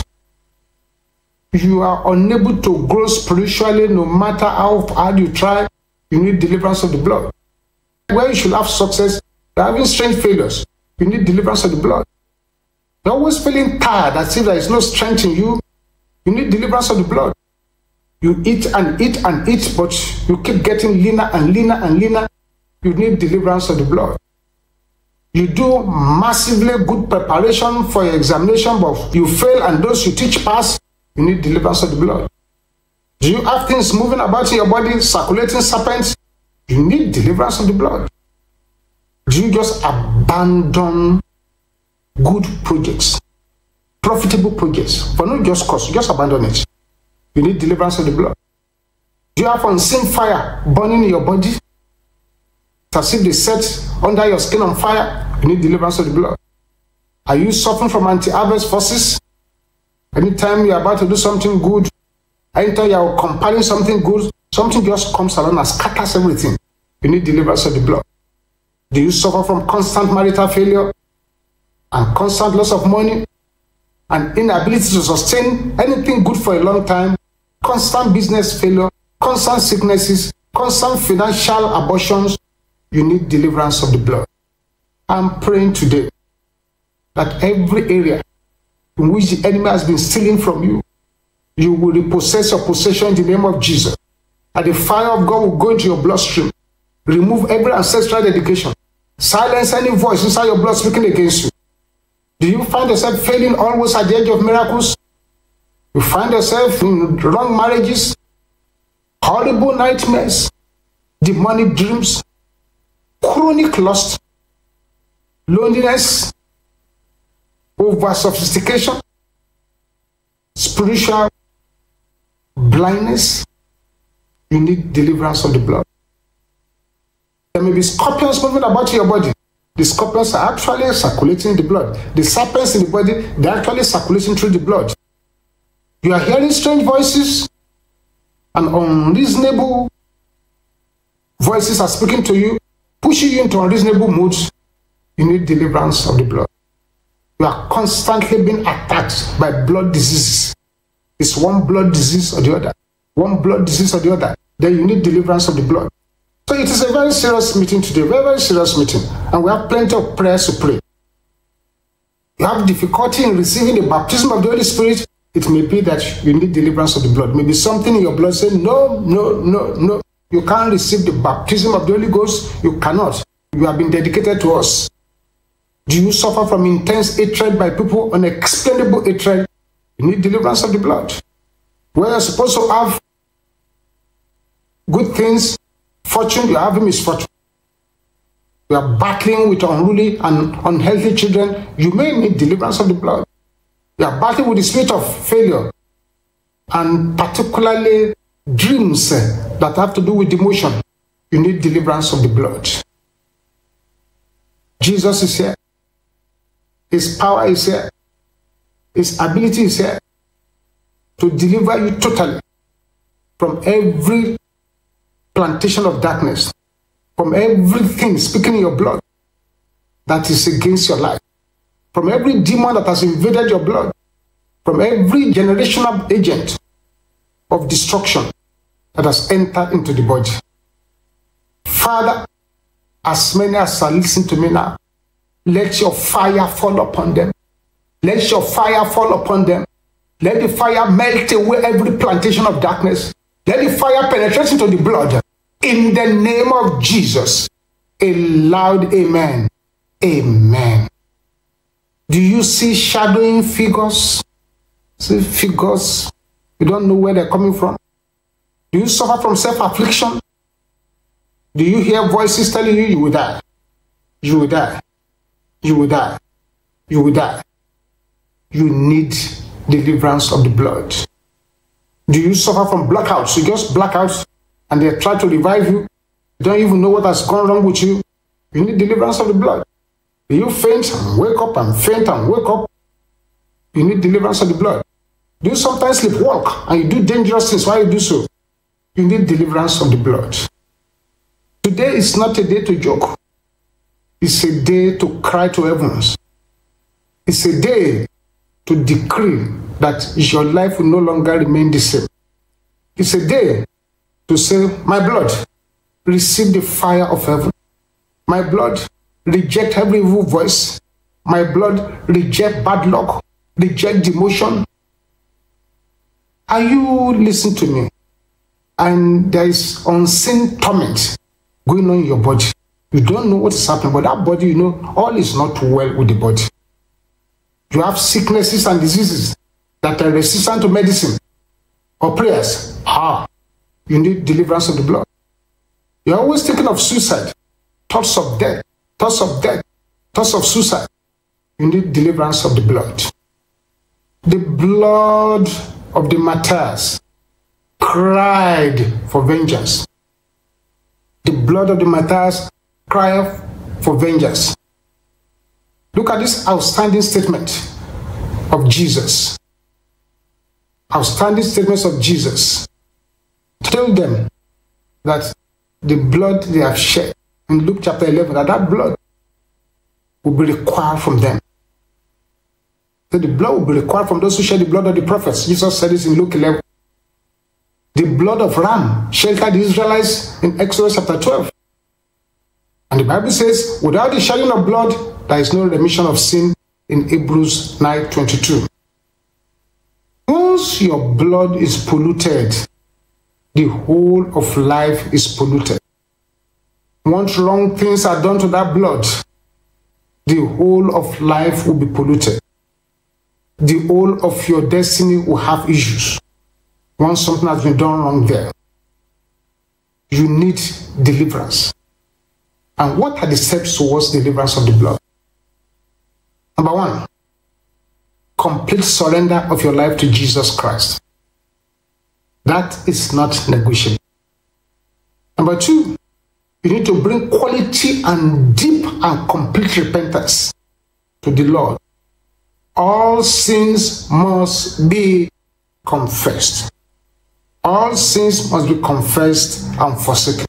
you are unable to grow spiritually no matter how hard you try, you need deliverance of the blood. Where you should have success, you're having strange failures, you need deliverance of the blood. You're always feeling tired as if there is no strength in you, you need deliverance of the blood. You eat and eat and eat, but you keep getting leaner and leaner and leaner. You need deliverance of the blood. You do massively good preparation for your examination, but you fail, and those you teach pass. you need deliverance of the blood. Do you have things moving about in your body, circulating serpents? You need deliverance of the blood. Do you just abandon good projects, profitable projects for no just cause? Just abandon it. You need deliverance of the blood. Do you have unseen fire burning in your body? It's as if they set under your skin on fire. You need deliverance of the blood. Are you suffering from anti-harvest forces? Anytime you're about to do something good, anytime you're compiling something good, something just comes along and scatters everything. You need deliverance of the blood. Do you suffer from constant marital failure and constant loss of money and inability to sustain anything good for a long time, constant business failure, constant sicknesses, constant financial abortions? You need deliverance of the blood. I'm praying today that every area in which the enemy has been stealing from you. You will repossess your possession in the name of Jesus. And the fire of God will go into your bloodstream. Remove every ancestral dedication. Silence any voice inside your blood speaking against you. Do you find yourself failing always at the edge of miracles? You find yourself in wrong marriages, horrible nightmares, demonic dreams, chronic lust, loneliness, over sophistication, spiritual blindness, you need deliverance of the blood. There may be scorpions moving about your body. The scorpions are actually circulating the blood. The serpents in the body, they're actually circulating through the blood. You are hearing strange voices and unreasonable voices are speaking to you, pushing you into unreasonable moods. You need deliverance of the blood. You are constantly being attacked by blood diseases. It's one blood disease or the other, one blood disease or the other. Then you need deliverance of the blood. So it is a very serious meeting today, very, very serious meeting. And we have plenty of prayers to pray. You have difficulty in receiving the baptism of the Holy Spirit, it may be that you need deliverance of the blood. Maybe something in your blood says, no, no, no, no. You can't receive the baptism of the Holy Ghost. You cannot. You have been dedicated to us. Do you suffer from intense hatred by people, unexplainable hatred? You need deliverance of the blood. Where you're supposed to have good things, fortune, you're having misfortune. You are battling with unruly and unhealthy children. You may need deliverance of the blood. You are battling with the spirit of failure and particularly dreams that have to do with emotion. You need deliverance of the blood. Jesus is here. His power is here. His ability is here to deliver you totally from every plantation of darkness, from everything speaking in your blood that is against your life, from every demon that has invaded your blood, from every generational agent of destruction that has entered into the body. Father, as many as are listening to me now, let your fire fall upon them. Let your fire fall upon them. Let the fire melt away every plantation of darkness. Let the fire penetrate into the blood. In the name of Jesus. A loud amen. Amen. Do you see shadowing figures? See figures. You don't know where they're coming from. Do you suffer from self-affliction? Do you hear voices telling you you will die? You will die you will die. You will die. You need deliverance of the blood. Do you suffer from blackouts? You just blackouts and they try to revive you. You don't even know what has gone wrong with you. You need deliverance of the blood. Do you faint and wake up and faint and wake up? You need deliverance of the blood. Do you sometimes sleepwalk and you do dangerous things while you do so? You need deliverance of the blood. Today is not a day to joke. It's a day to cry to heavens. It's a day to decree that your life will no longer remain the same. It's a day to say, My blood, receive the fire of heaven. My blood, reject every evil voice. My blood, reject bad luck, reject demotion. Are you listening to me? And there is unseen torment going on in your body. You don't know what is happening, but that body, you know, all is not well with the body. You have sicknesses and diseases that are resistant to medicine or prayers. Ah, you need deliverance of the blood. You're always thinking of suicide, thoughts of death, thoughts of death, thoughts of suicide. You need deliverance of the blood. The blood of the martyrs cried for vengeance. The blood of the martyrs cry for vengeance. Look at this outstanding statement of Jesus. Outstanding statements of Jesus. Tell them that the blood they have shed in Luke chapter 11, that that blood will be required from them. That the blood will be required from those who shed the blood of the prophets. Jesus said this in Luke 11. The blood of ram sheltered the Israelites in Exodus chapter 12. And the Bible says, without the shedding of blood, there is no remission of sin in Hebrews 9:22. Once your blood is polluted, the whole of life is polluted. Once wrong things are done to that blood, the whole of life will be polluted. The whole of your destiny will have issues. Once something has been done wrong there, you need deliverance. And what are the steps towards deliverance of the blood? Number one, complete surrender of your life to Jesus Christ. That is not negotiable. Number two, you need to bring quality and deep and complete repentance to the Lord. All sins must be confessed. All sins must be confessed and forsaken.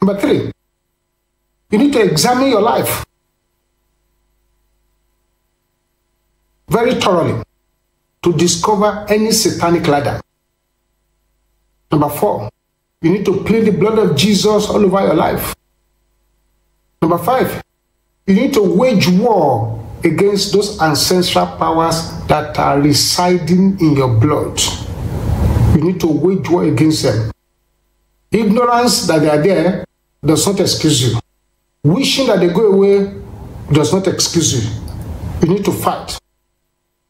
Number three, You need to examine your life very thoroughly to discover any satanic ladder. Number four, you need to plead the blood of Jesus all over your life. Number five, you need to wage war against those ancestral powers that are residing in your blood. You need to wage war against them. Ignorance that they are there does not excuse you. Wishing that they go away does not excuse you. You need to fight.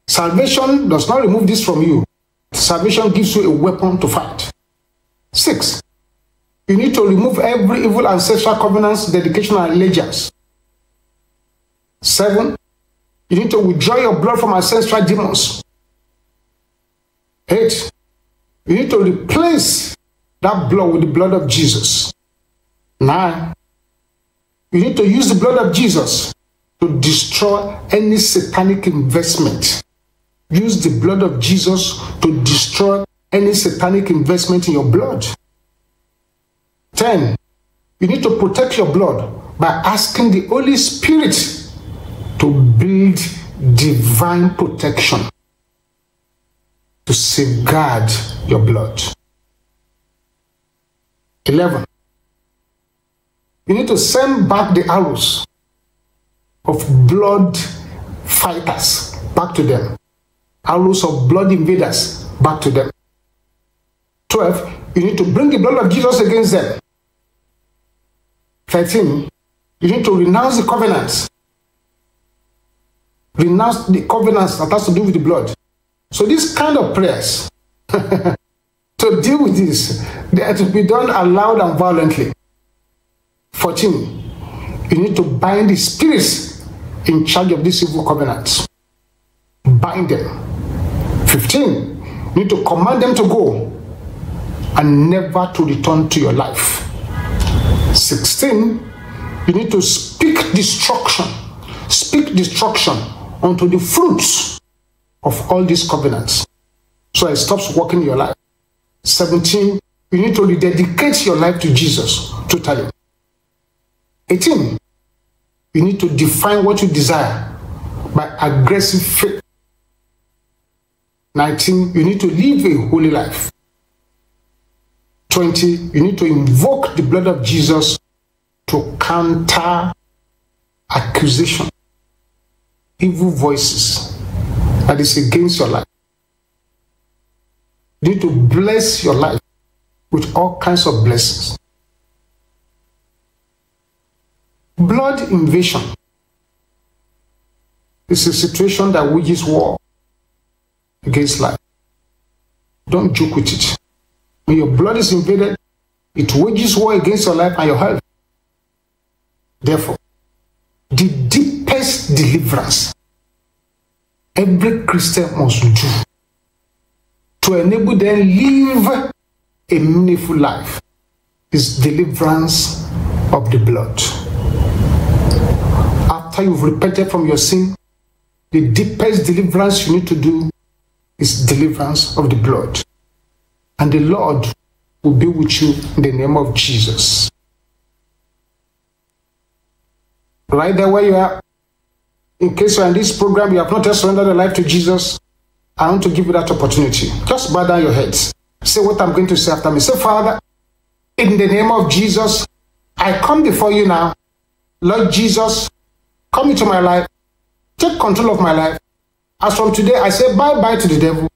Salvation does not remove this from you. Salvation gives you a weapon to fight. Six, you need to remove every evil ancestral covenants, dedication, and allegiance. Seven, you need to withdraw your blood from ancestral demons. Eight, you need to replace that blood with the blood of Jesus. Nine, you need to use the blood of Jesus to destroy any satanic investment. Use the blood of Jesus to destroy any satanic investment in your blood. 10. You need to protect your blood by asking the Holy Spirit to build divine protection to safeguard your blood. 11. You need to send back the arrows of blood fighters back to them, arrows of blood invaders back to them. 12. You need to bring the blood of Jesus against them. 13. You need to renounce the covenants. Renounce the covenants that has to do with the blood. So, this kind of prayers to deal with this, they are to be done aloud and violently. 14. You need to bind the spirits in charge of these evil covenants. Bind them. 15. You need to command them to go and never to return to your life. 16. You need to speak destruction. Speak destruction unto the fruits of all these covenants. So it stops working your life. 17. You need to rededicate your life to Jesus, totally. 18. You need to define what you desire by aggressive faith. 19. You need to live a holy life. 20. You need to invoke the blood of Jesus to counter accusation, evil voices that is against your life. You need to bless your life with all kinds of blessings. Blood invasion is a situation that wages war against life. Don't joke with it. When your blood is invaded, it wages war against your life and your health. Therefore, the deepest deliverance every Christian must do to enable them live a meaningful life is deliverance of the blood. after you've repented from your sin, the deepest deliverance you need to do is deliverance of the blood. And the Lord will be with you in the name of Jesus. Right there where you are, in case you're in this program, you have not surrendered your life to Jesus, I want to give you that opportunity. Just bow down your heads. Say what I'm going to say after me. Say, Father, in the name of Jesus, I come before you now. Lord Jesus, come into my life, take control of my life. As from today, I say bye bye to the devil.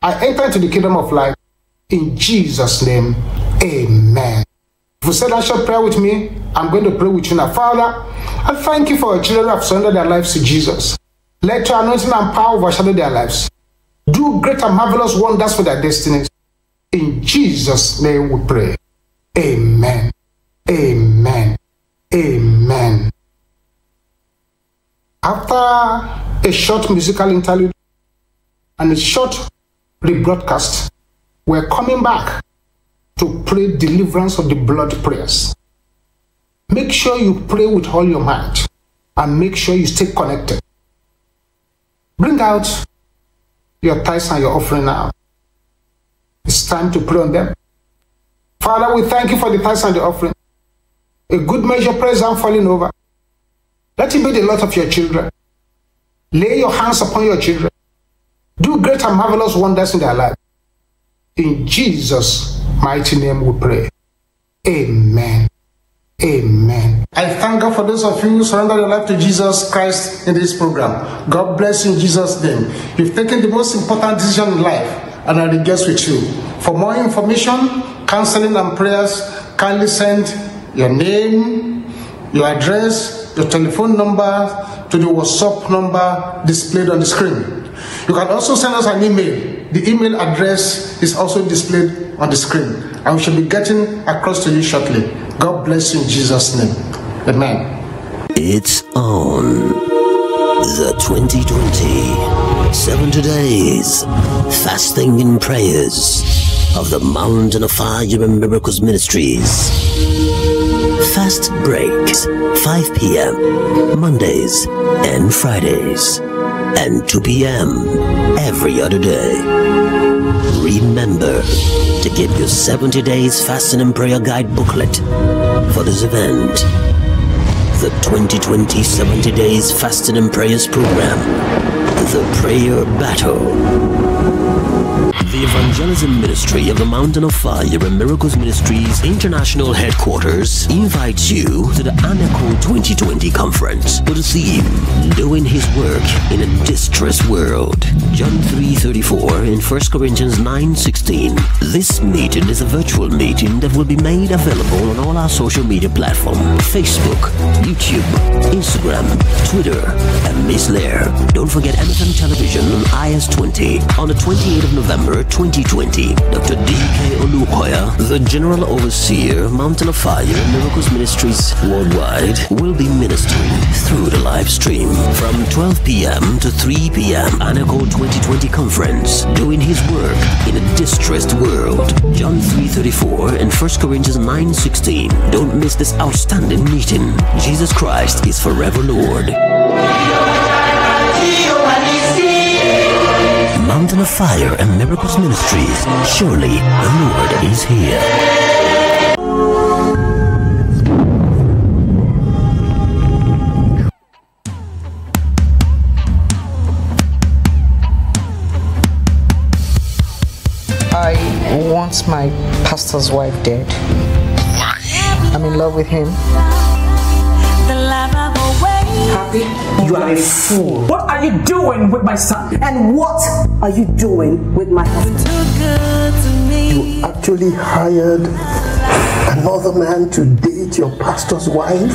I enter into the kingdom of life. In Jesus' name, amen. If you said that shall pray with me, I'm going to pray with you now. Father, I thank you for your children who have surrendered their lives to Jesus. Let your anointing and power overshadow their lives. Do great and marvelous wonders for their destinies. In Jesus' name we pray. Amen. Amen. Amen. After a short musical interlude and a short rebroadcast, we're coming back to pray deliverance of the blood prayers. Make sure you pray with all your might and make sure you stay connected. Bring out your tithes and your offering now. It's time to pray on them. Father, we thank you for the tithes and the offering. A good measure, praise I'm falling over. Let it be the lot of your children. Lay your hands upon your children. Do great and marvelous wonders in their life. In Jesus' mighty name we pray. Amen. Amen. I thank God for those of you who surrender your life to Jesus Christ in this program. God bless you in Jesus' name. You've taken the most important decision in life, and I rejoice with you. For more information, counseling, and prayers, kindly send your name, your address, your telephone number to the WhatsApp number displayed on the screen. You can also send us an email. The email address is also displayed on the screen, and we shall be getting across to you shortly. God bless you in Jesus' name. Amen. It's on the 2020 seven days fasting and prayers of the Mountain of Fire and Miracles Ministries Fast breaks, 5 p.m., Mondays and Fridays, and 2 p.m. every other day. Remember to get your 70 Days Fasting and Prayer Guide booklet for this event. The 2020 70 Days Fasting and Prayers Program, The Prayer Battle the Evangelism Ministry of the Mountain of Fire and Miracles Ministries International Headquarters invites you to the ANACO 2020 conference with the theme Doing His Work in a Distressed World. John 3:34 and 1 Corinthians 9:16. This meeting is a virtual meeting that will be made available on all our social media platforms: Facebook, YouTube, Instagram, Twitter, and Miss Lair. Don't forget MFM Television on IS20 on the 28th of November. November 2020, Dr. D.K. Olukoya, the General Overseer, Mountain of Fire, Miracles Ministries worldwide, will be ministering through the live stream from 12 p.m. to 3 p.m. Anaco 2020 conference, doing his work in a distressed world. John 3.34 and 1 Corinthians 9.16. Don't miss this outstanding meeting. Jesus Christ is forever Lord. Mountain of Fire and Miracles Ministries. Surely the Lord is here. I want my pastor's wife dead. I'm in love with him. Happy? You are a fool. What are you doing with my son? And what are you doing with my husband? You actually hired another man to date your pastor's wife?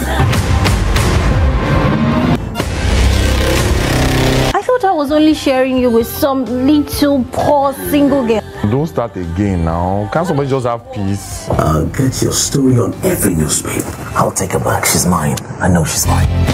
I thought I was only sharing you with some little poor single girl. Don't start again now. Can't somebody just have peace? I'll get your story on every newspaper. I'll take her back. She's mine. I know she's mine.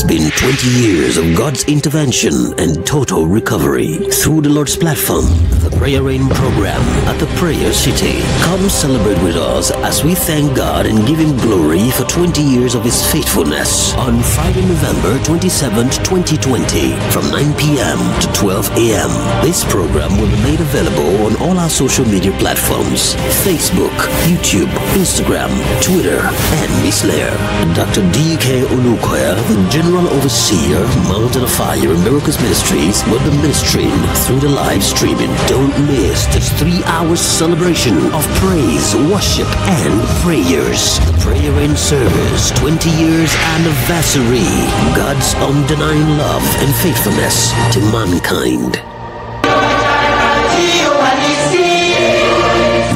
It's been 20 years of God's intervention and total recovery. Through the Lord's platform, the Prayer Rain program at the Prayer City. Come celebrate with us as we thank God and give Him glory for 20 years of His faithfulness on Friday, November 27th, 2020 from 9 p.m. to 12 a.m. This program will be made available on all our social media platforms Facebook, YouTube, Instagram, Twitter, and Miss Lair. Dr. D.K. Unukwe the General General Overseer, Mountain of Fire, Miracles Ministries will be ministering through the live streaming. Don't miss this three hour celebration of praise, worship, and prayers. The prayer and service, 20 years anniversary. God's undying love and faithfulness to mankind.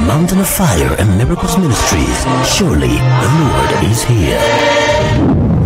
Mountain of Fire and Miracles Ministries. Surely the Lord is here.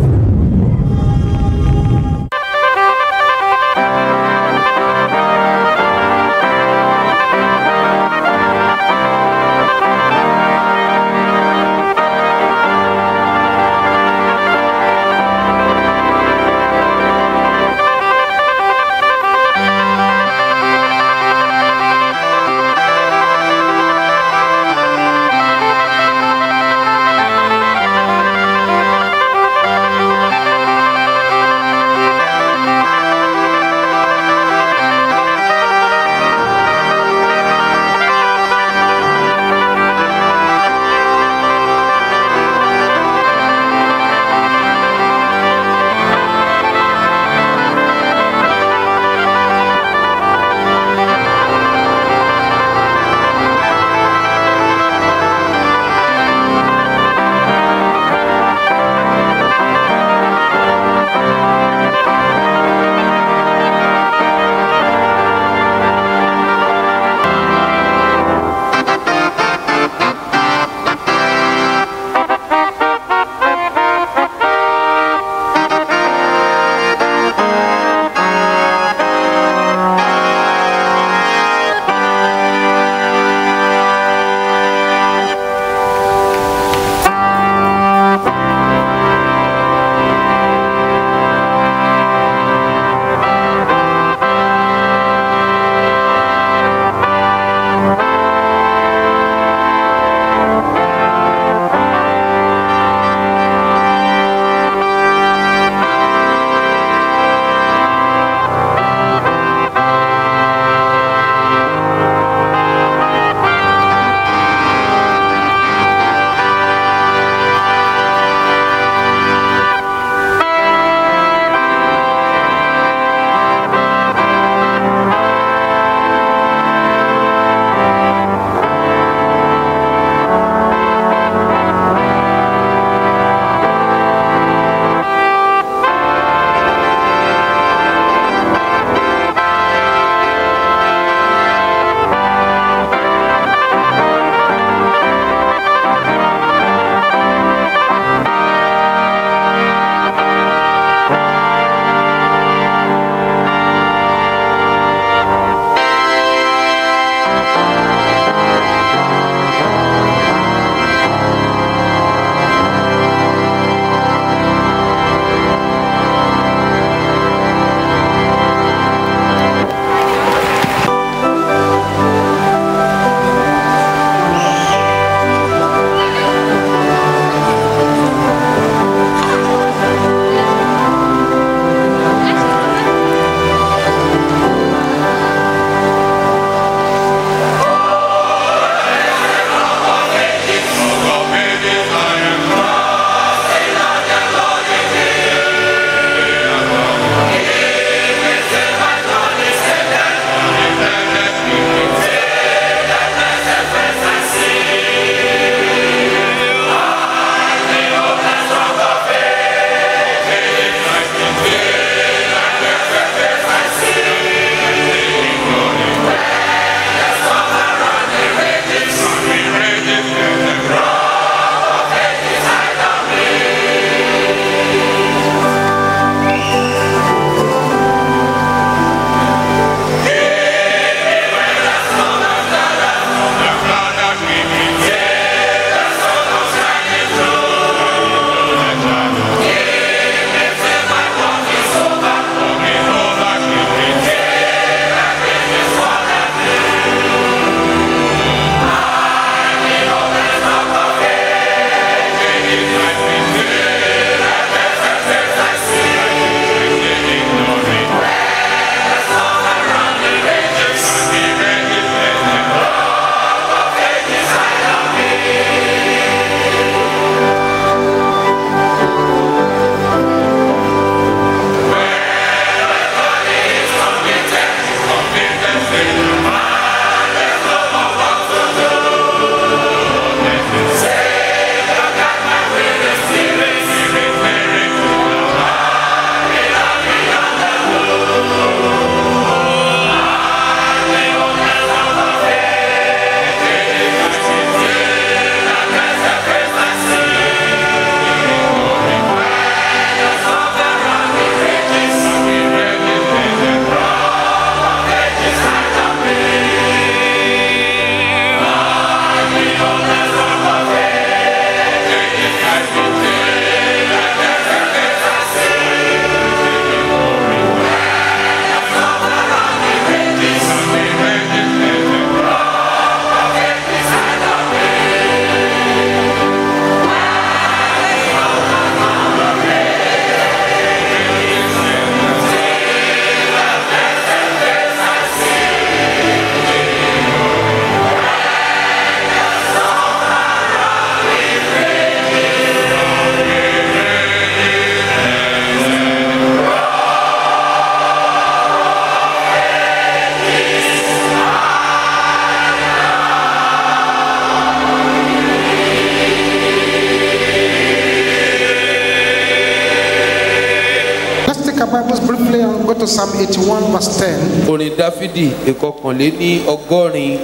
ten. orin dáfídì ọgọ́rin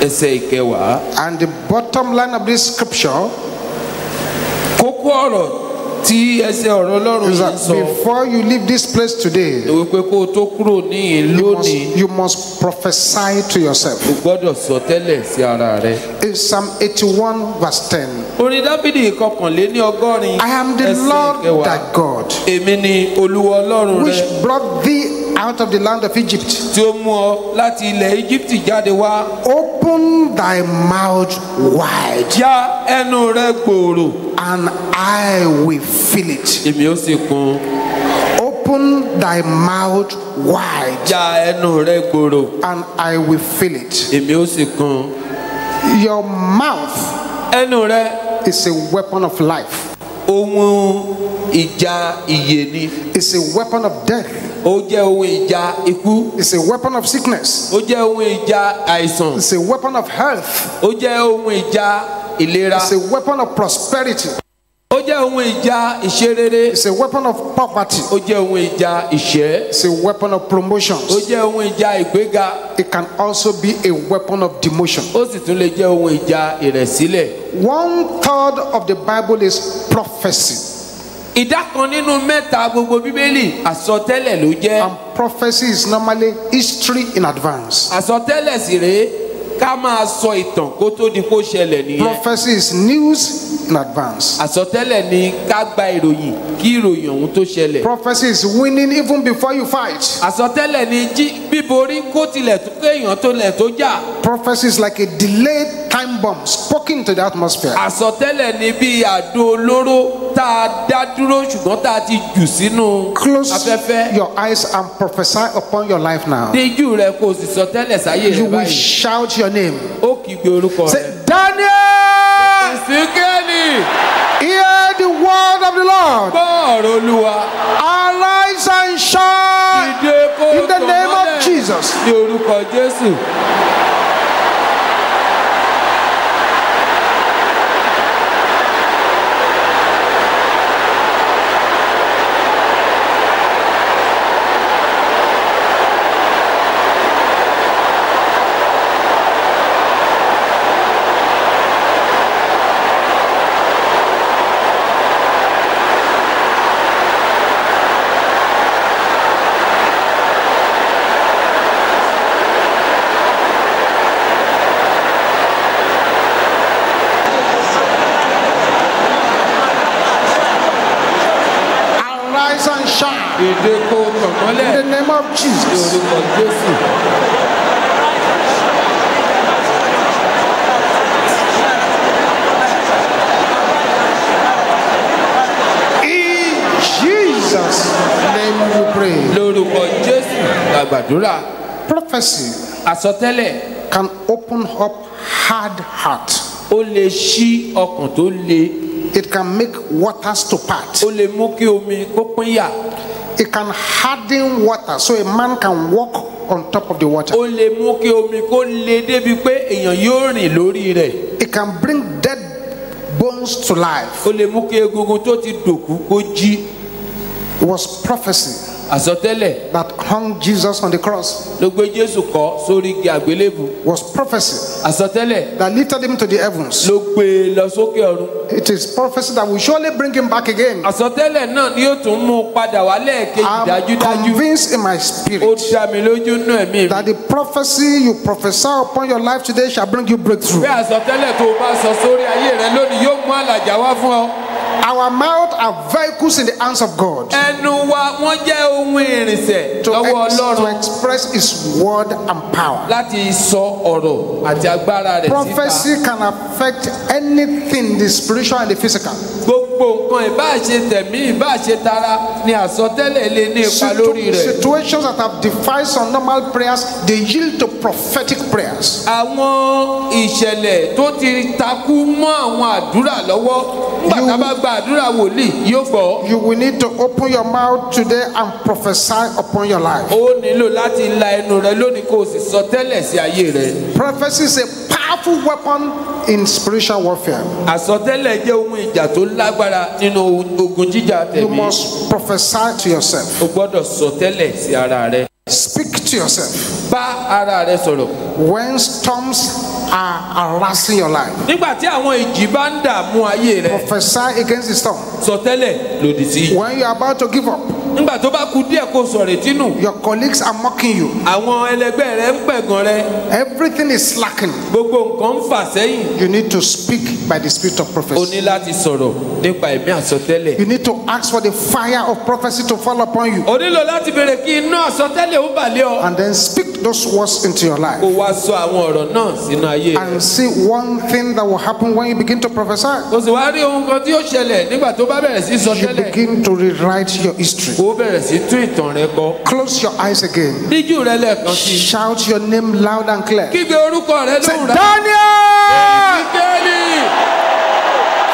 ẹsẹ̀ ìkẹwàá. and the bottom line of this scripture. kókó ọ̀rọ̀ tí ẹsẹ̀ ọ̀rọ̀ ọlọ́run yìí sọ. before you leave this place today. ìwé pé kó o tó kúrò lónìí. you must prophesy to yourself. o gbọ́dọ̀ sọ tẹ́lẹ̀ sí ara rẹ. psalm eighty-one verse ten. orin ọgọ́rin. i am the lord thy god. èmi ni olúwa ọlọ́run rẹ. which brought out of the land of Egypt. Tí ó mú ọ láti ilẹ̀ Egypt jáde wá. Open thy mouth wide. Já ẹnu rẹ gbòòrò. And I will fill it. Èmi ó sì kún. Open thy mouth wide. Já ẹnu rẹ gbòòrò. And I will fill it. Èmi ó sì kún. Your mouth. Ẹnu rẹ. Is a weapon of life. Ohun ìjà ìyè ni. It's a weapon of death ó jẹ́ ohun ìjà ikú. it's a weapon of sickness. ó jẹ́ ohun ìjà àìsàn. it's a weapon of health. ó jẹ́ ohun ìjà ìlera. it's a weapon of prosperity. ó jẹ́ ohun ìjà ìṣerere. it's a weapon of poverty. ó jẹ́ ohun ìjà ìṣẹ́. it's a weapon of promotion. ó jẹ́ ohun ìjà ìgbéga. it can also be a weapon of demotion. ó sì tún lè jẹ́ ohun ìjà ìrẹ̀sílẹ̀. one third of the bible is prophecy ìdá kan nínú mẹ́ta gbogbo bíbélì àsọtẹ́lẹ̀ ló jẹ́. and prophecy is normally history in advance. àsọtẹ́lẹ̀ sì rèé ká máa sọ ìtàn kó tó di kó ṣẹlẹ̀ nìyẹn. prophecy is news in advance. àsọtẹ́lẹ̀ ni ká gba ìròyìn kí ìròyìn ọ̀hún tó ṣẹlẹ̀. prophecy is winning even before you fight. àsọtẹ́lẹ̀ ni bíborí kó tilẹ̀ tó kéèyàn tó lẹ̀ tó jà. prophecy is like a delayed time bomb spoken to the atmosphere. àsọtẹ́lẹ̀ ni bí àdó olóró tá a dá dúró ṣùgbọ́n tá a ti jù sínú afẹ́fẹ́. close your eyes and prophesy upon your life now. díjú rẹ kò sì sọ sáyé rẹ báyìí. you will shout your name. ó kígbe orúkọ rẹ. say daniel. ìsìnkẹ́lì. hear the word of the lord. gbọ́ ọ̀rọ̀ olúwa. arise and shine. ìdè kò tó in the name of jesus. ní orúkọ jésù. Jesus, ní orúkọ Jésù. In Jesus' name we pray. lórúkọ Jésù la gbàdúrà. prophecy. àsọtẹ́lẹ̀. can open up hard heart. O lè ṣí ọkàn tó le. it can make waters to part. O lè mú kí omi kó pínyà. it can harden water so a man can walk on top of the water. it can bring dead bones to life. ó was prophesy. àsọtẹ́lẹ̀. that hung Jesus on the cross. ló gbé Jésù kọ́ sórí igi àgbélébù. was prophesy. àsọtẹ́lẹ̀. that lifted him to the heavens. ló gbé e lọ sókè ọ̀run. it is prophesy that will surely bring him back again. àsọtẹ́lẹ̀ náà ni yóò tún mú un padà wá lẹ́ẹ̀kejì dájúdájú. I am convinced in my spirit. ó dá mi lójú nínú ẹ̀mí mi. that the prophecy you prophesy upon your life today shall bring you breakthrough. bí àsọtẹ́lẹ̀ tó o bá sọ sórí ayé rẹ lónìí yóò mú àlàjá wá fún ọ. Our mouth are vehicles in the hands of God. Ẹnu wa wọ́n jẹ́ ohun ìrìnsẹ̀ lọ́wọ́ Ọlọ́run. To express his word and power. Láti sọ ọ̀rọ̀ àti agbára rẹ̀ síta. Prophecy can affect anything the spiritual and the physical. Gbogbo nǹkan ìbáṣe tẹ̀mí ìbáṣe tara ni àsọtẹ́lẹ̀ lè ní ipa lórí rẹ̀. Situations that have defied some normal prayers they yield to prophetic prayers. àwọn ìṣẹ̀lẹ̀ tó ti takú mọ́ àwọn àdúrà lọ́wọ́ nígbà tá a bá gba àdúrà wòlíì yóò gbọ́. you will need to open your mouth today and prophesy upon your life. ó nílò láti la ẹnu rẹ lónìí kó o sì sọ tẹ́lẹ̀ sí ayé rẹ. prophecy is a powerful weapon in spiritual warfare. àsọtẹ́lẹ̀ jẹ́ ohun ìjà tó lágbára nínú ogun jíjà tẹ̀mí. you must prophesy to yourself. o gbọ́dọ̀ sọ tẹ́lẹ̀ sí ara rẹ. Speak to yourself. Bá ara rẹ sọ̀rọ̀. When storms are harassing your life. Nígbà tí àwọn ìjì bá ń dààmú ayé rẹ. Prophesy against the storm. Sọtẹ́lẹ̀ lòdì sí. When you are about to give up nígbà tó bá ku díẹ̀ kó sọ̀rọ̀ ìtinú. your colleagues are mocking you. àwọn ẹlẹgbẹ́ rẹ ń pẹ̀gàn rẹ. everything is slacking. gbogbo nǹkan ń fà sẹ́yìn. you need to speak by the spirit of prophecy. o ní láti sọ̀rọ̀ nípa ẹ̀mí àsọtẹ́lẹ̀. you need to ask for the fire of prophecy to fall upon you. o nílò láti béèrè kí iná àsọtẹ́lẹ̀ ó bàlẹ́ ọ. and then speak those words into your life. kó wá sọ àwọn ọ̀rọ̀ náà sínú ayé and see one thing that will happen when you begin to prophesy. o sì wá rí ohun kan tí yóò ṣẹlẹ̀ nígbà tó bá bẹ̀rẹ̀ sí sọtẹ́lẹ̀. you begin to rewrite your history. close your eyes again. shout your name loud and clear. kígbe Daniel.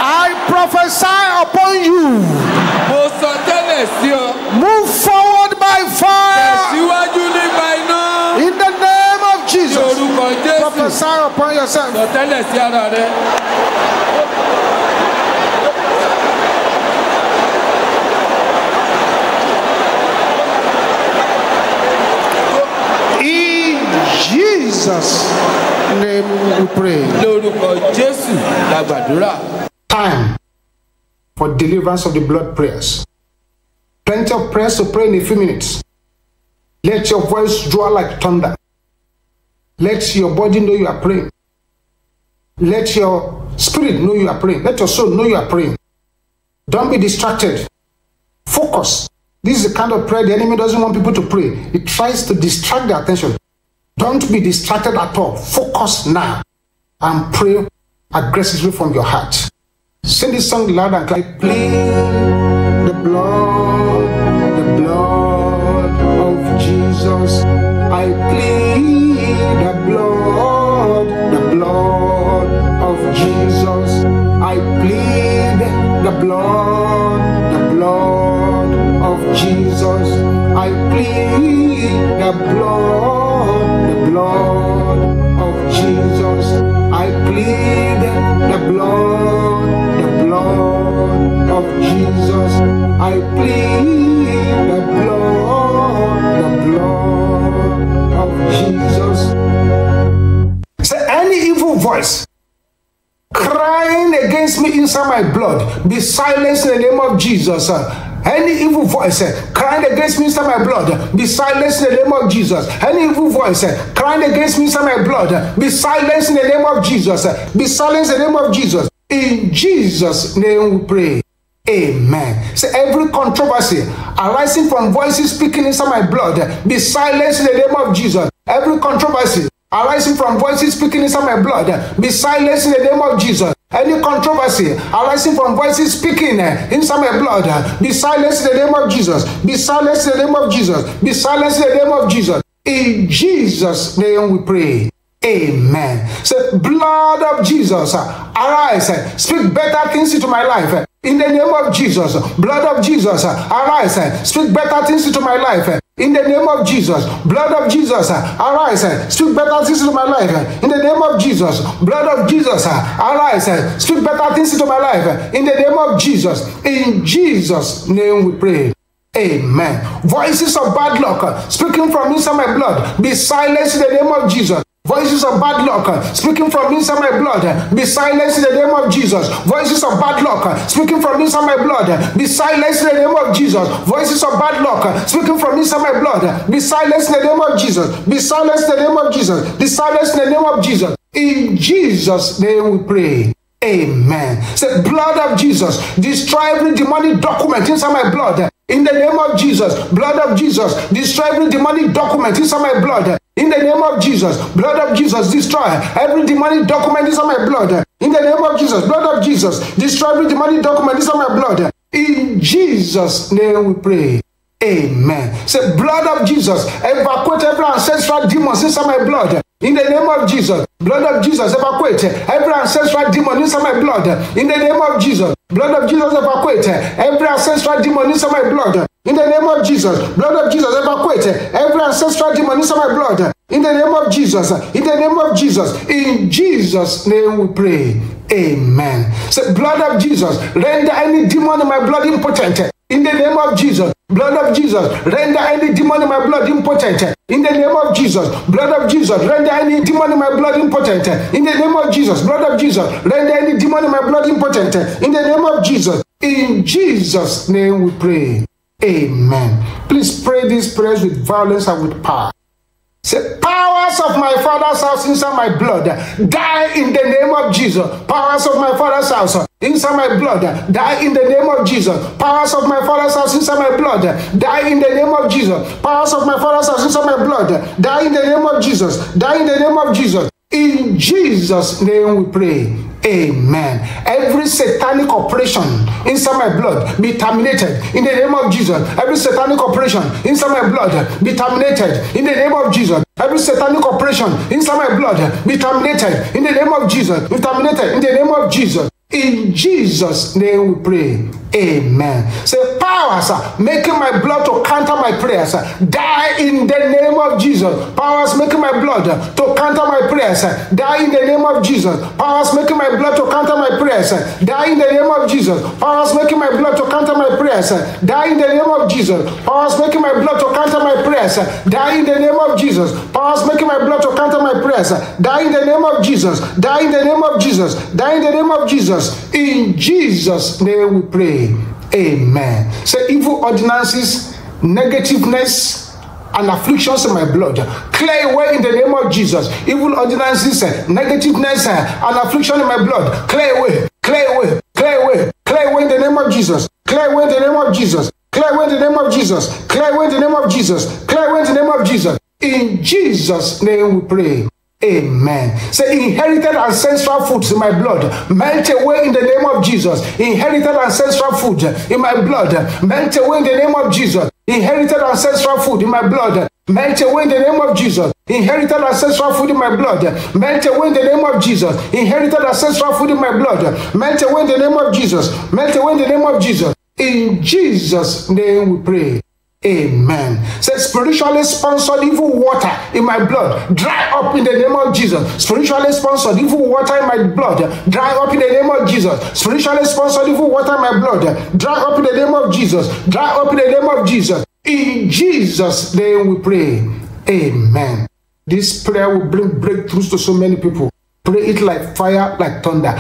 I prophesy upon you. move forward by fire. in the name of Jesus. prophesy upon yourself. Jesus' name we pray. Time for deliverance of the blood prayers. Plenty of prayers to pray in a few minutes. Let your voice draw like thunder. Let your body know you are praying. Let your spirit know you are praying. Let your soul know you are praying. Don't be distracted. Focus. This is the kind of prayer the enemy doesn't want people to pray. It tries to distract their attention. Don't be distracted at all. Focus now and pray aggressively from your heart. Sing this song loud and clear. Plead the blood, the blood of Jesus. I plead the blood, the blood of Jesus. I plead the blood, the blood of Jesus. I plead the blood blood of Jesus. I plead the blood, the blood of Jesus. I plead the blood, the blood of Jesus. Say any evil voice crying against me inside my blood be silenced in the name of Jesus. Any evil voice eh, crying against me, my blood, eh, be silenced in the name of Jesus. Any evil voice eh, crying against me, my blood, be silenced in the name of Jesus. Be silenced in the name of Jesus. In Jesus' name we pray. Amen. Say every controversy arising from voices speaking inside my blood, be silenced in the name of Jesus. Every controversy arising from voices speaking inside my blood be silenced in the name of Jesus. Any controversy arising from voices speaking eh, inside my blood be silenced in the name of Jesus. Be silenced in the name of Jesus. Be silenced in the name of Jesus. In Jesus' name we pray. Amen. Say, blood of Jesus, eh, arise, eh, speak better things into my life. In the name of Jesus, blood of Jesus, arise, speak better things into my life. In the name of Jesus, blood of Jesus, uh, arise, uh, speak better things into my life. Uh, in the name of Jesus, blood of Jesus, arise, speak better things into my life. In the name of Jesus, in Jesus' name we pray. Amen. Voices of bad luck speaking from inside my blood be silenced in the name of Jesus. Voices of bad luck uh, speaking from inside my blood uh, be silenced in the name of Jesus. Voices of bad luck uh, speaking from inside my blood be silenced in the name of Jesus. Voices of bad luck speaking from inside my blood be silenced in the name of Jesus. Be silenced in the name of Jesus. Be silenced in the name of Jesus. In Jesus' name we pray. Amen. Say, blood of Jesus, destroy every demonic document inside my blood. In the name of Jesus, blood of Jesus, destroy every demonic document inside my blood. In the name of Jesus, blood of Jesus, destroy every demonic document. This is my blood. In the name of Jesus, blood of Jesus, destroy every demonic document. This is my blood. In Jesus' name we pray. Amen. Say, blood of Jesus, evacuate every ancestral demons is my blood. In the name of Jesus, blood of Jesus evacuate every ancestral demon inside my blood. In the name of Jesus, blood of Jesus evacuate every ancestral demon inside my blood. In the name of Jesus, blood of Jesus evacuate every ancestral demon inside my blood. In the name of Jesus, in the name of Jesus, in Jesus' name we pray. Amen. Say, blood of Jesus, render any demon in my blood impotent. In the name of Jesus, blood of Jesus, render any demon in my blood impotent. In the name of Jesus, blood of Jesus, render any demon in my blood impotent. In the name of Jesus, blood of Jesus, render any demon in my blood impotent. In the name of Jesus, in Jesus' name we pray. Amen. Please pray these prayers with violence and with power. Say, powers of my father's house inside my blood, die in the name of Jesus. Powers of my father's house inside my blood, die in the name of Jesus. Powers of my father's house inside my blood, die in the name of Jesus. Powers of my father's house inside my blood, die in the name of Jesus. Die in the name of Jesus. In Jesus' name we pray. Amen. Every satanic operation inside my blood be terminated in the name of Jesus. Every satanic operation inside my blood be terminated in the name of Jesus. Every satanic operation inside my blood be terminated in the name of Jesus. Be terminated in the name of Jesus. In Jesus' name we pray. Amen. Say, powers making my blood to counter my prayers. Die in the name of Jesus. Powers making my blood to counter my prayers. Die in the name of Jesus. Powers making my blood to counter my prayers. Die in the name of Jesus. Powers making my blood to counter my prayers. Die in the name of Jesus. Powers making my blood to counter my prayers. Die in the name of Jesus. Powers making my blood to counter my prayers. Die in the name of Jesus. Die in the name of Jesus. Die in the name of Jesus. Jesus. In Jesus' name we pray. Amen. Say evil ordinances, negativeness, and afflictions in my blood. Clear away in the name of Jesus. Evil ordinances, eh, negativeness, eh, and affliction in my blood. Clear away, clear away, clear away, clear away in the name of Jesus. Clear away in the name of Jesus. Clear away in the name of Jesus. Clear away in the name of Jesus. Clear away in the name of Jesus. In Jesus' name we pray. Amen. Say, inherited ancestral foods in my blood, melt away in the name of Jesus. Inherited ancestral food in my blood, melt away in the name of Jesus. Inherited ancestral food in my blood, melt away in the name of Jesus. Inherited ancestral food in my blood, melt away in the name of Jesus. Inherited ancestral food in my blood, melt away in the name of Jesus. Melt away in the name of Jesus. In Jesus' name we pray. Amen. Say spiritually sponsored evil water in my blood, dry up in the name of Jesus. Spiritually sponsored evil water in my blood, dry up in the name of Jesus. Spiritually sponsored evil water in my blood, dry up in the name of Jesus. Dry up in the name of Jesus. In Jesus' name we pray. Amen. This prayer will bring breakthroughs to so many people. Pray it like fire, like thunder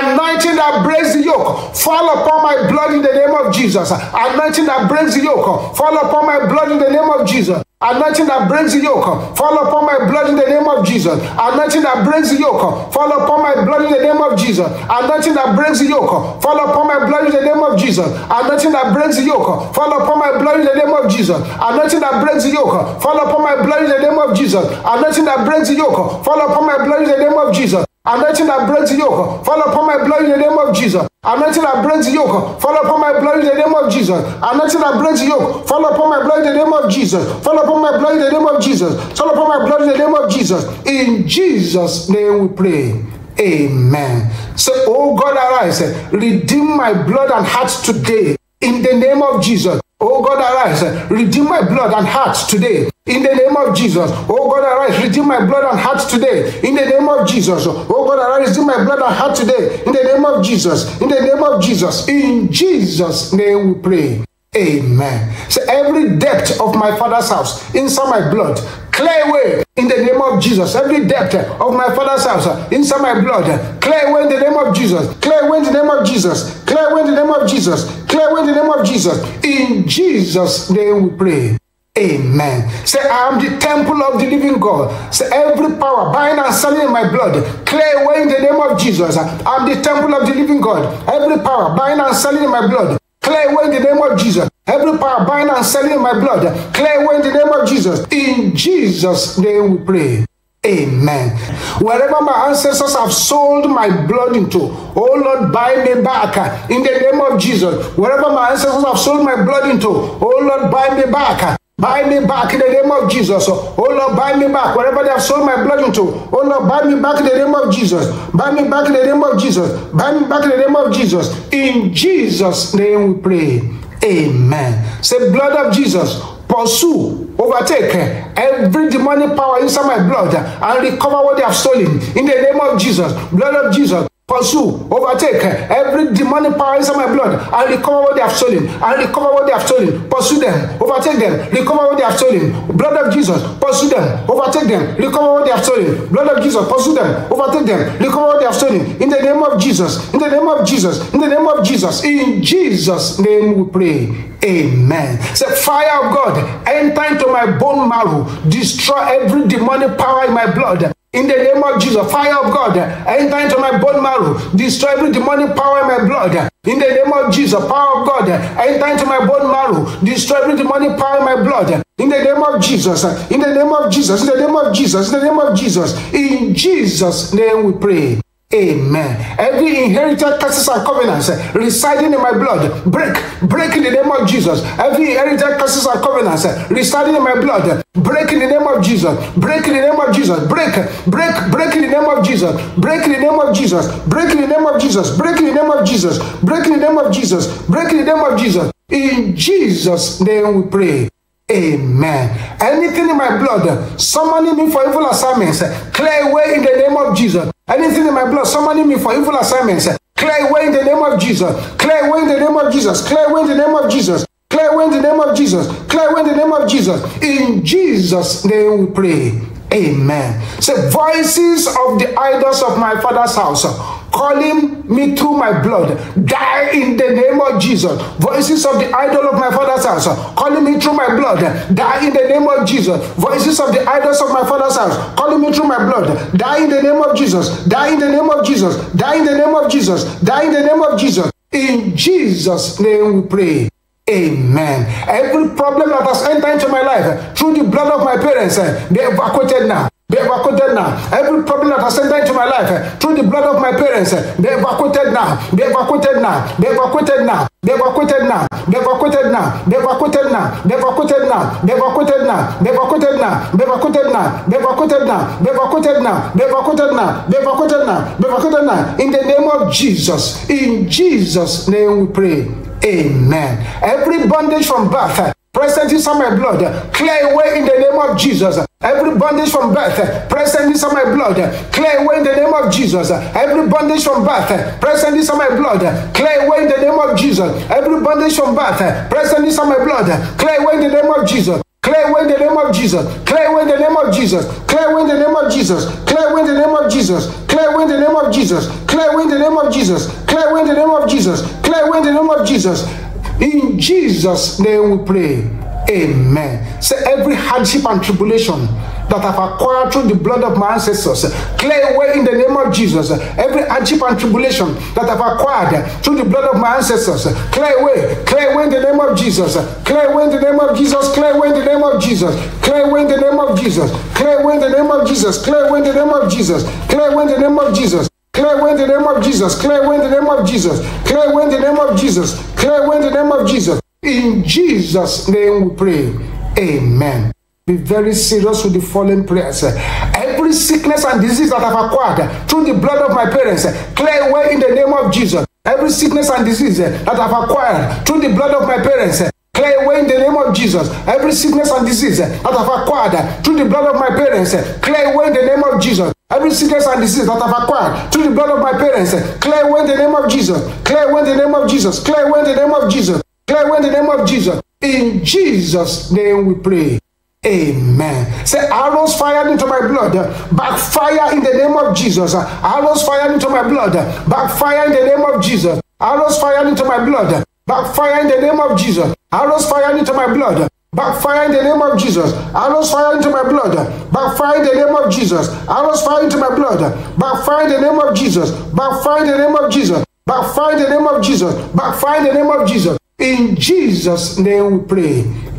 anointing that breaks the yoke, fall upon my blood in the name of Jesus. Anointing that breaks the yoke, fall upon my blood in the name of Jesus. Anointing that breaks the yoke, fall upon my blood in the name of Jesus. Anointing that breaks the yoke, fall upon my blood in the name of Jesus. Anointing that breaks the yoke, fall upon my blood in the name of Jesus. Anointing that breaks the yoke, fall upon my blood in the name of Jesus. Anointing that breaks the yoke, fall upon my blood in the name of Jesus. Anointing that breaks the yoke, fall upon my blood in the name of Jesus. Anointing that breaks yoke, fall upon my blood in the name of Jesus. Anointing that breaks yoke, fall upon my blood in the name of Jesus. Anointing that breaks yoke, fall upon my blood in the name of Jesus. Fall upon my blood in the name of Jesus. Fall upon my blood in the name of Jesus. In Jesus' name we pray. Amen. Say, so, Oh God, arise, redeem my blood and heart today in the name of Jesus. Oh God, arise, redeem my blood and heart today In the name of Jesus, oh God, arise, redeem my blood and heart today. In the name of Jesus, oh God, arise, redeem my blood and heart today. In the name of Jesus, in the name of Jesus, in Jesus' name we pray. Amen. So every depth of my father's house inside my blood, clear away in the name of Jesus. Every depth of my father's house inside my blood, clear away in the name of Jesus. Clear away in the name of Jesus. Clear away in the name of Jesus. Clear away in the name of Jesus. In Jesus' name we pray. Amen. Say, I am the temple of the living God. Say, every power bind and selling in my blood, clear away in the name of Jesus. I'm the temple of the living God. Every power bind and selling in my blood, clear away in the name of Jesus. Every power bind and selling in my blood, clear away in the name of Jesus. In Jesus' name we pray. Amen. Wherever my ancestors have sold my blood into, oh Lord, buy me back in the name of Jesus. Wherever my ancestors have sold my blood into, oh Lord, buy me back Buy me back in the name of Jesus. Oh Lord, buy me back Whatever they have sold my blood into. Oh Lord, buy me back in the name of Jesus. Buy me back in the name of Jesus. Buy me back in the name of Jesus. In Jesus' name we pray. Amen. Say, blood of Jesus, pursue, overtake every demonic power inside my blood and recover what they have stolen. In the name of Jesus, blood of Jesus pursue, overtake every demonic power inside my blood and recover what they have stolen, and recover what they have stolen, pursue them, overtake them, recover what they have stolen. Blood of Jesus, pursue them, overtake them, recover what they have stolen. Blood of Jesus, pursue them, overtake them, recover what they have stolen. In the name of Jesus, in the name of Jesus, in the name of Jesus, in Jesus' name we pray. Amen. Say, fire of God, enter into my bone marrow, destroy every demonic power in my blood. In the name of Jesus, fire of God, enter into my bone marrow, destroy every demonic power in my blood. In the name of Jesus, power of God, enter into my bone marrow, destroy every demonic power in my blood. In the name of Jesus, in the name of Jesus, in the name of Jesus, in the name of Jesus. In Jesus' name we pray. Amen. Every inherited curses and covenants eh, residing in my blood, break, break in the name of Jesus. Every inherited curses and covenants eh, residing in my blood, break in the name of Jesus. Break in the name of Jesus. Break, break, break in the name of Jesus. Break in the name of Jesus. Break in the name of Jesus. Break in the name of Jesus. Break in the name of Jesus. Break in the name of Jesus. In Jesus' name we pray. Amen. Anything in my blood summoning me for evil assignments, clear away in the name of Jesus. Anything in my blood summoning me for evil assignments, clear away in the name of Jesus. Clear away in the name of Jesus. Clear away in the name of Jesus. Clear away in the name of Jesus. Clear away in the name of Jesus. In Jesus' name we pray. Amen. Say, voices of the idols of my father's house calling me through my blood. Die in the name of Jesus. Voices of the idol of my father's house, calling me through my blood. Die in the name of Jesus. Voices of the idols of my father's house, calling me through my blood. Die in the name of Jesus. Die in the name of Jesus. Die in the name of Jesus. Die in the name of Jesus. In Jesus' name we pray. Amen. Every problem that has entered into my life through the blood of my parents, eh, they evacuated now. Be evacuated now. Every problem that has entered into my life through the blood of my parents, be evacuated now. Be evacuated now. Be evacuated now. Be evacuated now. Be evacuated now. Be evacuated now. Be evacuated now. Be evacuated now. Be evacuated now. Be evacuated now. Be evacuated now. Be evacuated now. Be evacuated now. Be evacuated now. Be evacuated now. In the name of Jesus. In Jesus' name we pray. Amen. Every bondage from birth. Present inside my blood, clear away in the name of Jesus. Every bondage from birth, present inside my blood, clear away in the name of Jesus. Every bondage from birth, present inside my blood, clear away in the name of Jesus. Every bondage from birth, present inside my blood, clear away in the name of Jesus. Clear away in the name of Jesus. Clear away in the name of Jesus. Clear away in the name of Jesus. Clear away in the name of Jesus. Clear away in the name of Jesus. Clear away in the name of Jesus. Clear away in the name of Jesus. Clear away in the name of Jesus. In Jesus' name we pray. Amen. Say every hardship and tribulation that I've acquired through the blood of my ancestors, clear away in the name of Jesus. Every hardship and tribulation that I've acquired through the blood of my ancestors, clear away, clear away in the name of Jesus. Clear away in the name of Jesus. Clear away in the name of Jesus. Clear away in the name of Jesus. Clear away in the name of Jesus. Clear away in the name of Jesus. Clear away in the name of Jesus. Clear away in the name of Jesus. Clear away in the name of Jesus. Clear away in the name of Jesus. Clear away in the name of Jesus. In Jesus' name we pray. Amen. Be very serious with the following prayers. Every sickness and disease that I've acquired through the blood of my parents, clear away in the name of Jesus. Every sickness and disease that I've acquired through the blood of my parents, Clear away in the name of Jesus every sickness and disease that I've acquired through the blood of my parents. Clear away in the name of Jesus. Every sickness and disease that I've acquired through the blood of my parents, clear away in the name of Jesus. Clear away in the name of Jesus. Clear away in the name of Jesus. Clear away in the name of Jesus. In Jesus' name we pray. Amen. Say, arrows fired into my blood, backfire in the name of Jesus. Arrows fired into my blood, backfire in the name of Jesus. Arrows fired into my blood, Backfire in the name of Jesus. Arrows fire into my blood. Backfire in the name of Jesus. Arrows fire into my blood. Backfire in the name of Jesus. Arrows fire into my blood. Backfire in the name of Jesus. Backfire in the name of Jesus. Backfire in the name of Jesus. Backfire in the name of Jesus. In Jesus' name we pray.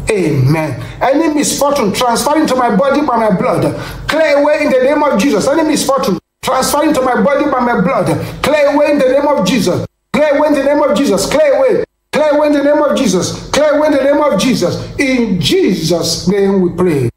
Amen. Any misfortune transferring to my body by my blood, clear away in the name of Jesus. Any misfortune transferring to my body by my blood, clear away in the name of Jesus. Clear away in the name of Jesus. Clear away away in the name of Jesus. Clear away in the name of Jesus. In Jesus' name we pray.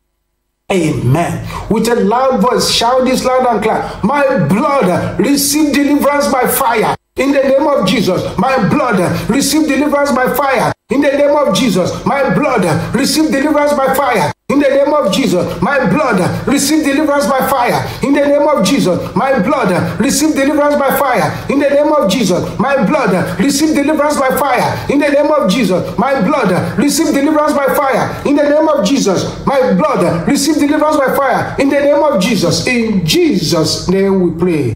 Amen. With a loud voice, shout this loud and clear. My blood, receive deliverance by fire. In the name of Jesus, my blood, receive deliverance by fire. In the name of Jesus, my blood, receive deliverance by fire. In the name of Jesus, my blood, receive deliverance by fire. In the name of Jesus, my blood, receive deliverance by fire. In the name of Jesus, my blood, receive deliverance by fire. In the name of Jesus, my blood, receive deliverance by fire. In the name of Jesus, my blood, receive deliverance by fire. In the name of Jesus, in Jesus' name we pray.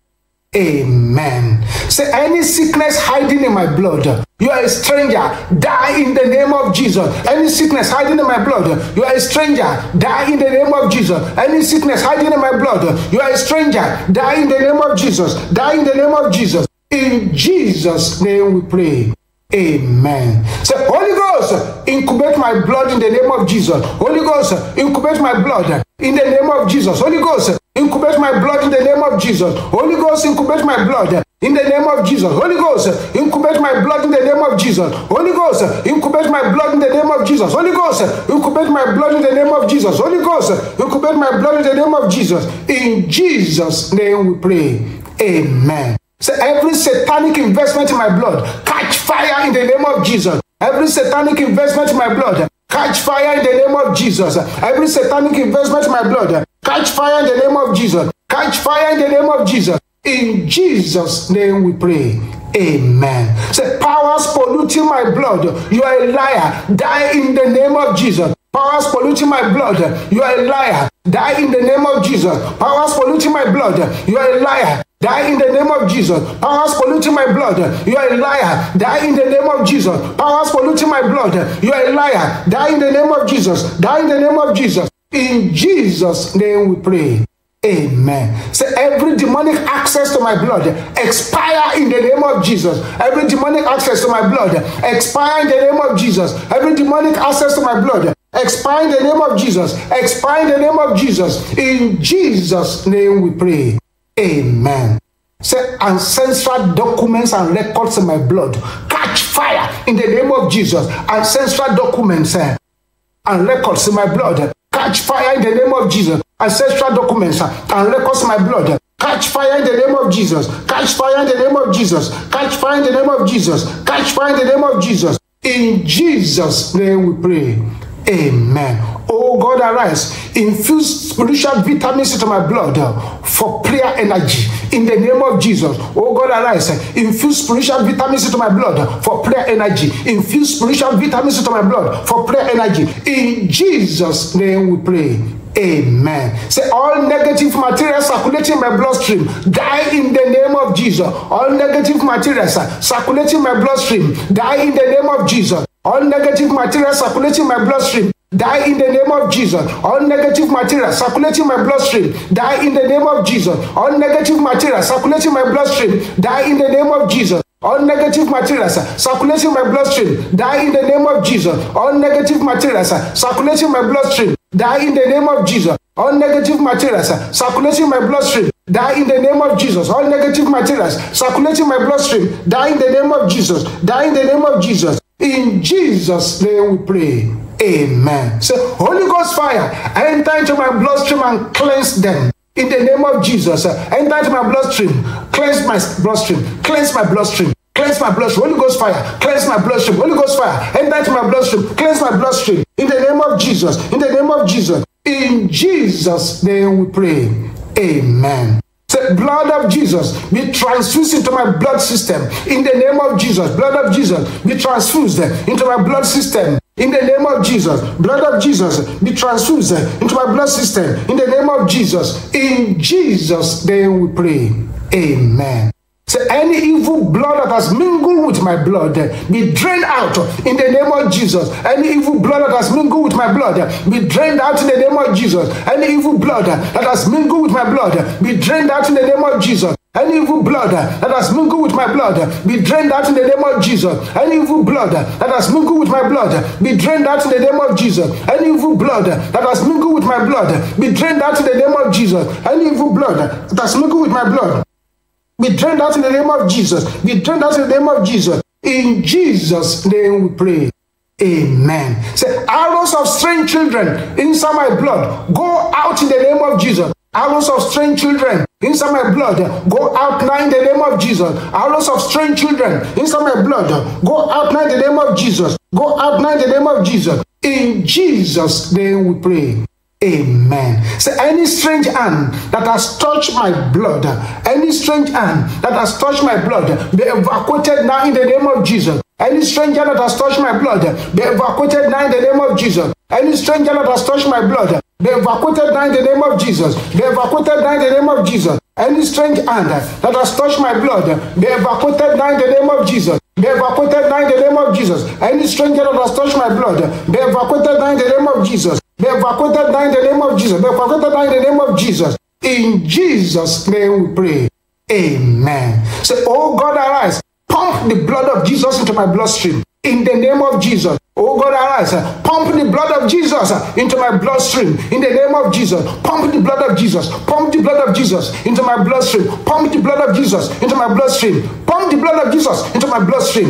Amen. Say, any sickness hiding in my blood, you are a stranger, die in the name of Jesus. Any sickness hiding in my blood, you are a stranger, die in the name of Jesus. Any sickness hiding in my blood, you are a stranger, die in the name of Jesus. Die in the name of Jesus. In Jesus' name we pray. Amen. Say, Holy Ghost, incubate my blood in the name of Jesus. Holy Ghost, incubate my blood in the name of Jesus. Holy Ghost, incubate my blood in the name of Jesus. Holy Ghost, incubate my blood. In the name of Jesus, Holy Ghost, incubate my blood in the name of Jesus. Holy Ghost, incubate my blood in the name of Jesus. Holy Ghost, incubate my blood in the name of Jesus. Holy Ghost, incubate my blood in the name of Jesus. In Jesus' name we pray. Amen. So every satanic investment in my blood, catch fire in the name of Jesus. Every satanic investment in my blood, Catch fire in the name of Jesus. Every satanic investment my blood. Catch fire in the name of Jesus. Catch fire in the name of Jesus. In Jesus' name we pray. Amen. Say, powers polluting my blood, you are a liar. Die in the name of Jesus. Powers polluting my blood, you are a liar. Die in the name of Jesus. Powers polluting my blood, you are a liar. Die in the name of Jesus. Powers polluting my blood. You are a liar. Die in the name of Jesus. Powers polluting my blood. You are a liar. Die in the name of Jesus. Die in the name of Jesus. In Jesus' name we pray. Amen. Say every demonic access to my blood expire in the name of Jesus. Every demonic access to my blood expire in the name of Jesus. Every demonic access to my blood expire in the name of Jesus. Expire in the name of Jesus. In Jesus' name we pray. Amen. Say, ancestral documents and records in my blood catch fire in the name of Jesus. Ancestral documents eh, and records in my blood catch fire in the name of Jesus. Ancestral documents eh, and records in my blood catch fire in the name of Jesus. Catch fire in the name of Jesus. Catch fire in the name of Jesus. Catch fire in the name of Jesus. In Jesus' name we pray. Amen. Oh God, arise. Infuse spiritual vitamins into my blood uh, for prayer energy. In the name of Jesus. Oh God, arise. Infuse spiritual vitamins into my blood uh, for prayer energy. Infuse spiritual vitamins into my blood for prayer energy. In Jesus' name we pray. Amen. Say all negative materials circulating my bloodstream die in the name of Jesus. All negative materials uh, circulating my bloodstream die in the name of Jesus. All negative materials circulating my bloodstream Die in the name of Jesus. All negative material circulating my bloodstream. Die in the name of Jesus. All negative material circulating my bloodstream. Die in the name of Jesus. All negative materials circulating my bloodstream. Die in the name of Jesus. All negative materials circulating my bloodstream. Die in the name of Jesus. All negative materials circulating my bloodstream. Die in the name of Jesus. All negative materials circulating my bloodstream. Die in the name of Jesus. Die in the name of Jesus. In Jesus' name we pray. Amen. Say, Holy Ghost fire, enter into my bloodstream and cleanse them. In the name of Jesus, enter into my bloodstream, cleanse my bloodstream, cleanse my bloodstream. Cleanse my bloodstream, Holy Ghost fire, cleanse my bloodstream, Holy Ghost fire, enter into my bloodstream, cleanse my bloodstream, in the name of Jesus, in the name of Jesus, in Jesus' name we pray. Amen blood of Jesus, be transfused into my blood system. In the name of Jesus, blood of Jesus, be transfused into my blood system. In the name of Jesus, blood of Jesus, be transfused into my blood system. In the name of Jesus, in Jesus' name we pray. Amen. Say, any evil blood that has mingled with my blood be drained out in the name of Jesus. Any evil blood that has mingled with my blood be drained out in the name of Jesus. Any evil blood that has mingled with my blood be drained out in the name of Jesus. Any evil blood that has mingled with my blood be drained out in the name of Jesus. Any evil blood that has mingled with my blood be drained out in the name of Jesus. Any evil blood that has mingled with my blood be drained out in the name of Jesus. Any evil blood that has mingled with my blood we drain that in the name of Jesus. We drain that in the name of Jesus. In Jesus' name we pray. Amen. Say, arrows of strange children inside my blood, go out in the name of Jesus. Arrows of strange children inside my blood, go out now in the name of Jesus. Arrows of strange children inside my blood, go out now in the name of Jesus. Go out now in the name of Jesus. In Jesus' name we pray. Amen. Say, any strange hand that has touched my blood, any strange hand that has touched my blood, be evacuated now in the name of Jesus. Any stranger that has touched my blood, be evacuated now in the name of Jesus. Any stranger that has touched my blood, be evacuated now in the name of Jesus. Be evacuated now in the name of Jesus. Any strange hand that has touched my blood, be evacuated now in the name of Jesus. Be evacuated now in the name of Jesus. Any stranger that has touched my blood, be evacuated now in the name of Jesus. Be evacuated now in the name of Jesus. Be evacuated now in the name of Jesus. In Jesus' name we pray. Amen. Say, Oh God, arise Pump the blood of Jesus into my bloodstream. In the name of Jesus, Oh God, arise. Pump the blood of Jesus into my bloodstream in the name of Jesus. Pump the blood of Jesus. Pump the blood of Jesus into my bloodstream. Pump the blood of Jesus into my bloodstream. Pump the blood of Jesus into my bloodstream.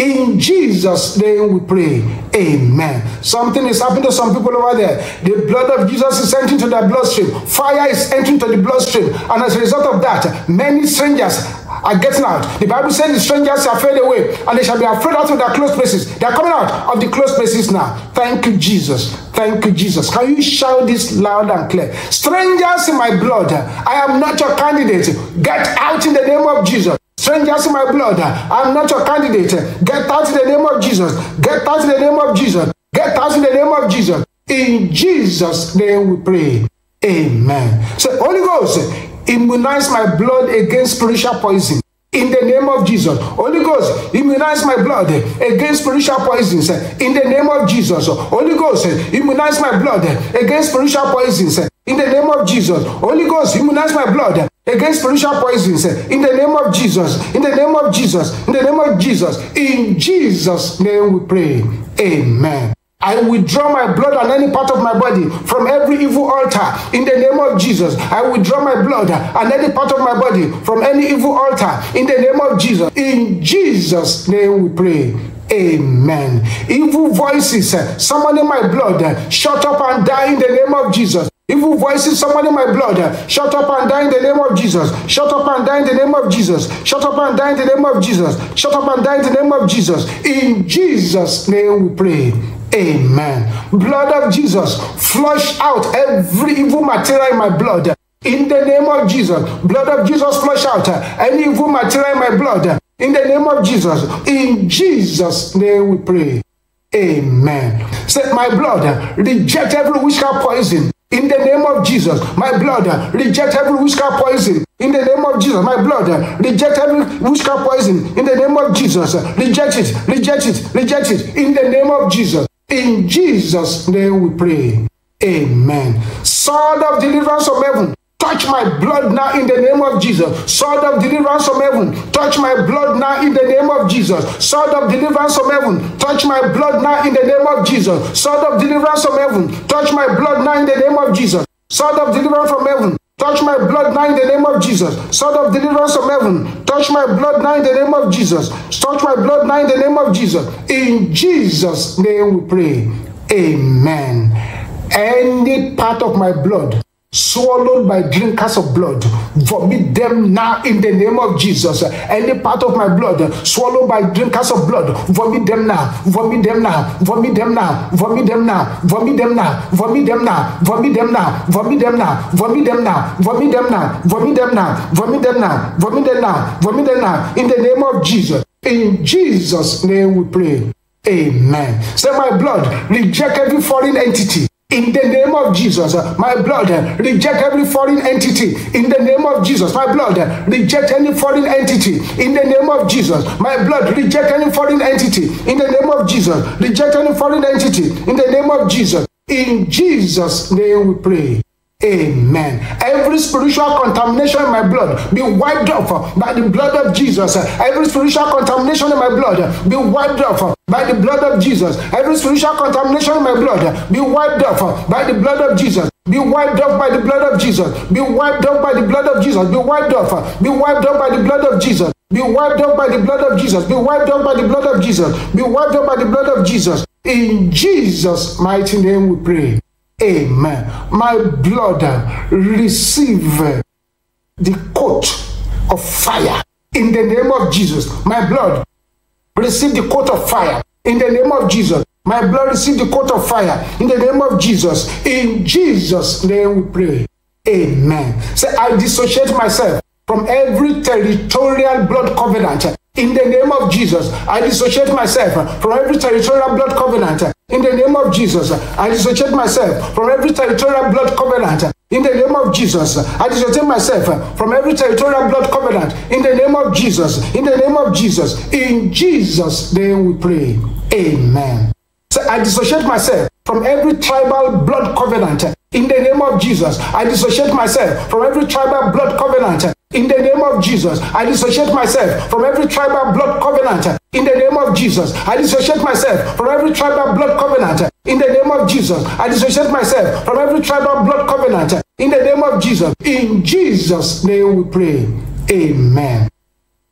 In Jesus' name we pray. Amen. Something is happening to some people over there. The blood of Jesus is entering to their bloodstream. Fire is entering to the bloodstream. And as a result of that, many strangers are getting out. The Bible says the strangers are fed away and they shall be out of their closed places. They are coming out of the closed places now. Thank you, Jesus. Thank you, Jesus. Can you shout this loud and clear? Strangers in my blood, I am not your candidate. Get out in the name of Jesus. Strangers in my blood, I'm not your candidate. Get out in the name of Jesus. Get out in the name of Jesus. Get out in the name of Jesus. In Jesus' name we pray. Amen. So, Holy Ghost, immunize my blood against spiritual poison in the name of Jesus. Holy Ghost, immunize my blood against spiritual poisons in the name of Jesus. Holy Ghost, immunize my blood against spiritual poisons in the name of Jesus. Holy Ghost, immunize my blood against spiritual poisons in the name of Jesus. In the name of Jesus. In the name of Jesus. In Jesus' name we pray. Amen. I withdraw my blood and any part of my body from every evil altar in the name of Jesus. I withdraw my blood and any part of my body from any evil altar in the name of Jesus. In Jesus' name we pray. Amen. Evil voices eh, summoning my blood, eh, shut up and die in the name of Jesus. Evil voices summoning my blood, eh, shut up and die in the name of Jesus. Shut up and die in the name of Jesus. Shut up and die in the name of Jesus. Shut up and die in the name of Jesus. In Jesus' name we pray. Amen. Blood of Jesus, flush out every evil material in my blood. In the name of Jesus, blood of Jesus, flush out any evil material in my blood. In the name of Jesus, in Jesus' name we pray. Amen. Set my blood, reject every witchcraft poison. In the name of Jesus, my blood, reject every witchcraft poison. In the name of Jesus, my blood, reject every witchcraft poison. In the name of Jesus, reject it, reject it, reject it. In the name of Jesus. In Jesus' name we pray. Amen. Sword of deliverance from heaven. Touch my blood now in the name of Jesus. Sword of deliverance from heaven. Touch my blood now in the name of Jesus. Sword of deliverance from heaven. Touch my blood now in the name of Jesus. Sword of deliverance from heaven. Touch my blood now in the name of Jesus. Sword of deliverance from heaven. Touch my blood now in the name of Jesus. Son of deliverance from heaven. Touch my blood now in the name of Jesus. Touch my blood now in the name of Jesus. In Jesus' name we pray. Amen. Any part of my blood swallowed by drinkers of blood. Vomit them now in the name of Jesus. Any part of my blood swallowed by drinkers of blood. Vomit them now. Vomit them now. Vomit them now. Vomit them now. Vomit them now. Vomit them now. Vomit them now. Vomit them now. Vomit them now. Vomit them now. Vomit them now. Vomit them now. Vomit them now. Vomit them now. In the name of Jesus. In Jesus' name we pray. Amen. Say, my blood, reject every foreign entity In the name of Jesus, uh, my blood, uh, reject every foreign entity. In the name of Jesus, my blood, uh, reject any foreign entity. In the name of Jesus, my blood, reject any foreign entity. In the name of Jesus, reject any foreign entity. In the name of Jesus. In Jesus' name we pray. Amen. Every spiritual contamination in my blood be wiped off by the blood of Jesus. Every spiritual contamination in my blood be wiped off by the blood of Jesus. Every spiritual contamination in my blood be wiped off by the blood of Jesus. Be wiped off by the blood of Jesus. Be wiped off by the blood of Jesus. Be wiped off. Be wiped off by the blood of Jesus. Be wiped off by the blood of Jesus. Be wiped off by the blood of Jesus. Be wiped off by the blood of Jesus. In Jesus' mighty name we pray. Amen. My blood, uh, receive uh, the coat of fire in the name of Jesus. My blood, receive the coat of fire in the name of Jesus. My blood, receive the coat of fire in the name of Jesus. In Jesus' name we pray. Amen. Say, so I dissociate myself from every territorial blood covenant In the name of Jesus, I dissociate myself from every territorial blood covenant. In the name of Jesus, I dissociate myself from every territorial blood covenant. In the name of Jesus, I dissociate myself from every territorial blood covenant. In the name of Jesus, in the name of Jesus, in Jesus' name we pray. Amen. So I dissociate myself from every tribal blood covenant. In the name of Jesus, I dissociate myself from every tribal blood covenant in the name of Jesus. I dissociate myself from every tribal blood covenant in the name of Jesus. I dissociate myself from every tribal blood covenant in the name of Jesus. I dissociate myself from every tribal blood covenant in the name of Jesus. In Jesus' name we pray. Amen.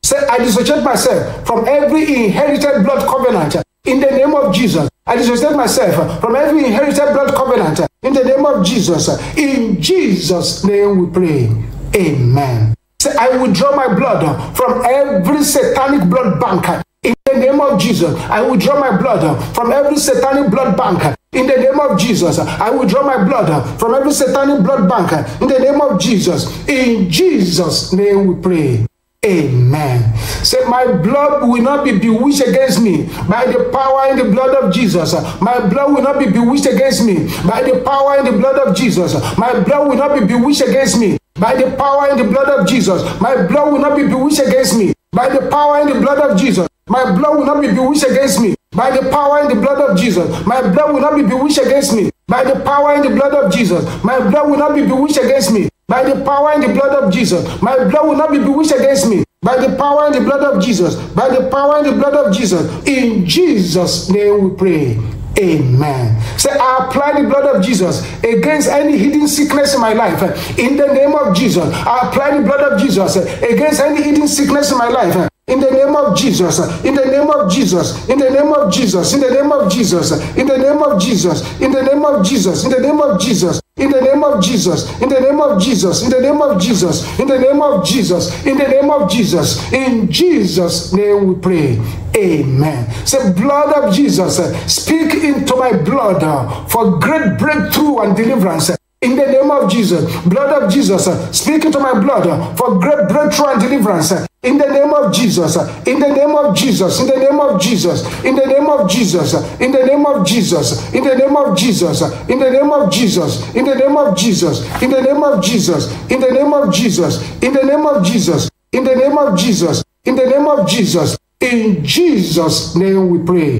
Say, I dissociate myself from every inherited blood covenant in the name of Jesus. I dissociate myself from every inherited blood covenant in the name of Jesus. In Jesus' name we pray. Amen. Say, I withdraw my blood uh, from every satanic blood bank uh, in the name of Jesus. I withdraw my blood uh, from every satanic blood bank in the name of Jesus. I withdraw my blood from every satanic blood bank in the name of Jesus. In Jesus' name we pray. Amen. Say, my blood will not be bewitched against me by the power in the blood of Jesus. My blood will not be bewitched against me by the power in the blood of Jesus. My blood will not be bewitched against me by the power and the blood of Jesus, my blood will not be bewitched against me. By the power and the blood of Jesus, my blood will not be bewitched against me. By the power and the blood of Jesus, my blood will not be bewitched against me. By the power and the blood of Jesus, my blood will not be bewitched against me. By the power and the blood of Jesus, my blood will not be bewitched against me. By the power and the blood of Jesus, by the power and the blood of Jesus, in Jesus' name we pray. Amen. Say, I apply the blood of Jesus against any hidden sickness in my life. In the name of Jesus, I apply the blood of Jesus against any hidden sickness in my life. In the name of Jesus, in the name of Jesus, in the name of Jesus, in the name of Jesus, in the name of Jesus, in the name of Jesus, in the name of Jesus, in the name of Jesus, in the name of Jesus, in the name of Jesus, in the name of Jesus, in the name of Jesus, in Jesus' name we pray. Amen. Say, blood of Jesus, speak into my blood for great breakthrough and deliverance. In the name of Jesus, blood of Jesus, speak into my blood for great breakthrough and deliverance. In the name of Jesus, in the name of Jesus, in the name of Jesus, in the name of Jesus, in the name of Jesus, in the name of Jesus, in the name of Jesus, in the name of Jesus, in the name of Jesus, in the name of Jesus, in the name of Jesus, in the name of Jesus, in the name of Jesus, in Jesus' name we pray.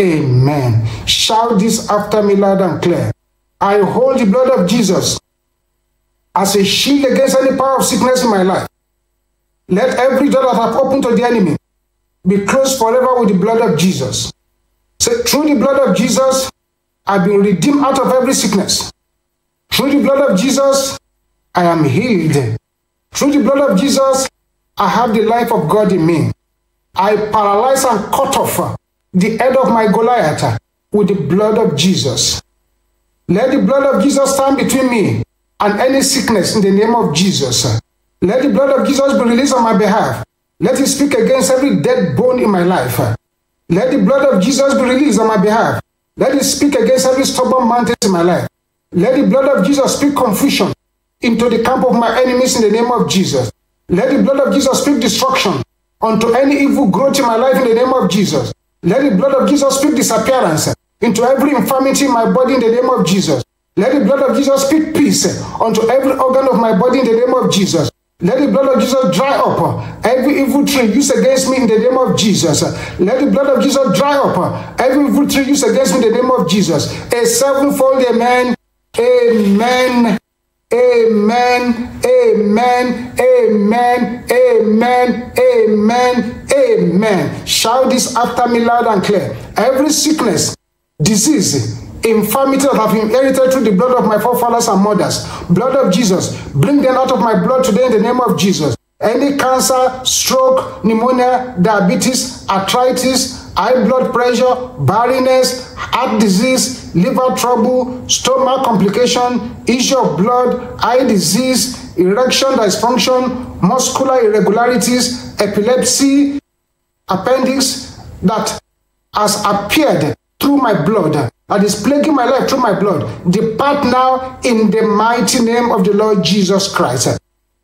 Amen. Shout this after me loud and clear. I hold the blood of Jesus as a shield against any power of sickness in my life. Let every door that I've opened to the enemy be closed forever with the blood of Jesus. So through the blood of Jesus, I've been redeemed out of every sickness. Through the blood of Jesus, I am healed. Through the blood of Jesus, I have the life of God in me. I paralyze and cut off the head of my Goliath with the blood of Jesus. Let the blood of Jesus stand between me and any sickness in the name of Jesus. Let the blood of Jesus be released on my behalf. Let it speak against every dead bone in my life. Let the blood of Jesus be released on my behalf. Let it speak against every stubborn mountain in my life. Let the blood of Jesus speak confusion into the camp of my enemies in the name of Jesus. Let the blood of Jesus speak destruction unto any evil growth in my life in the name of Jesus. Let the blood of Jesus speak disappearance into every infirmity in my body in the name of Jesus. Let the blood of Jesus speak peace eh, unto every organ of my body in the name of Jesus. Let the blood of Jesus dry up eh, every evil tree used against me in the name of Jesus. Let the blood of Jesus dry up eh, every evil tree used against me in the name of Jesus. A sevenfold amen. Amen. Amen. Amen. Amen. Amen. Amen. Amen. Shout this after me loud and clear. Every sickness disease, infirmity that have inherited through the blood of my forefathers and mothers, blood of Jesus, bring them out of my blood today in the name of Jesus. Any cancer, stroke, pneumonia, diabetes, arthritis, high blood pressure, barrenness, heart disease, liver trouble, stomach complication, issue of blood, eye disease, erection dysfunction, muscular irregularities, epilepsy, appendix that has appeared through my blood and is plaguing my life through my blood, depart now in the mighty name of the Lord Jesus Christ.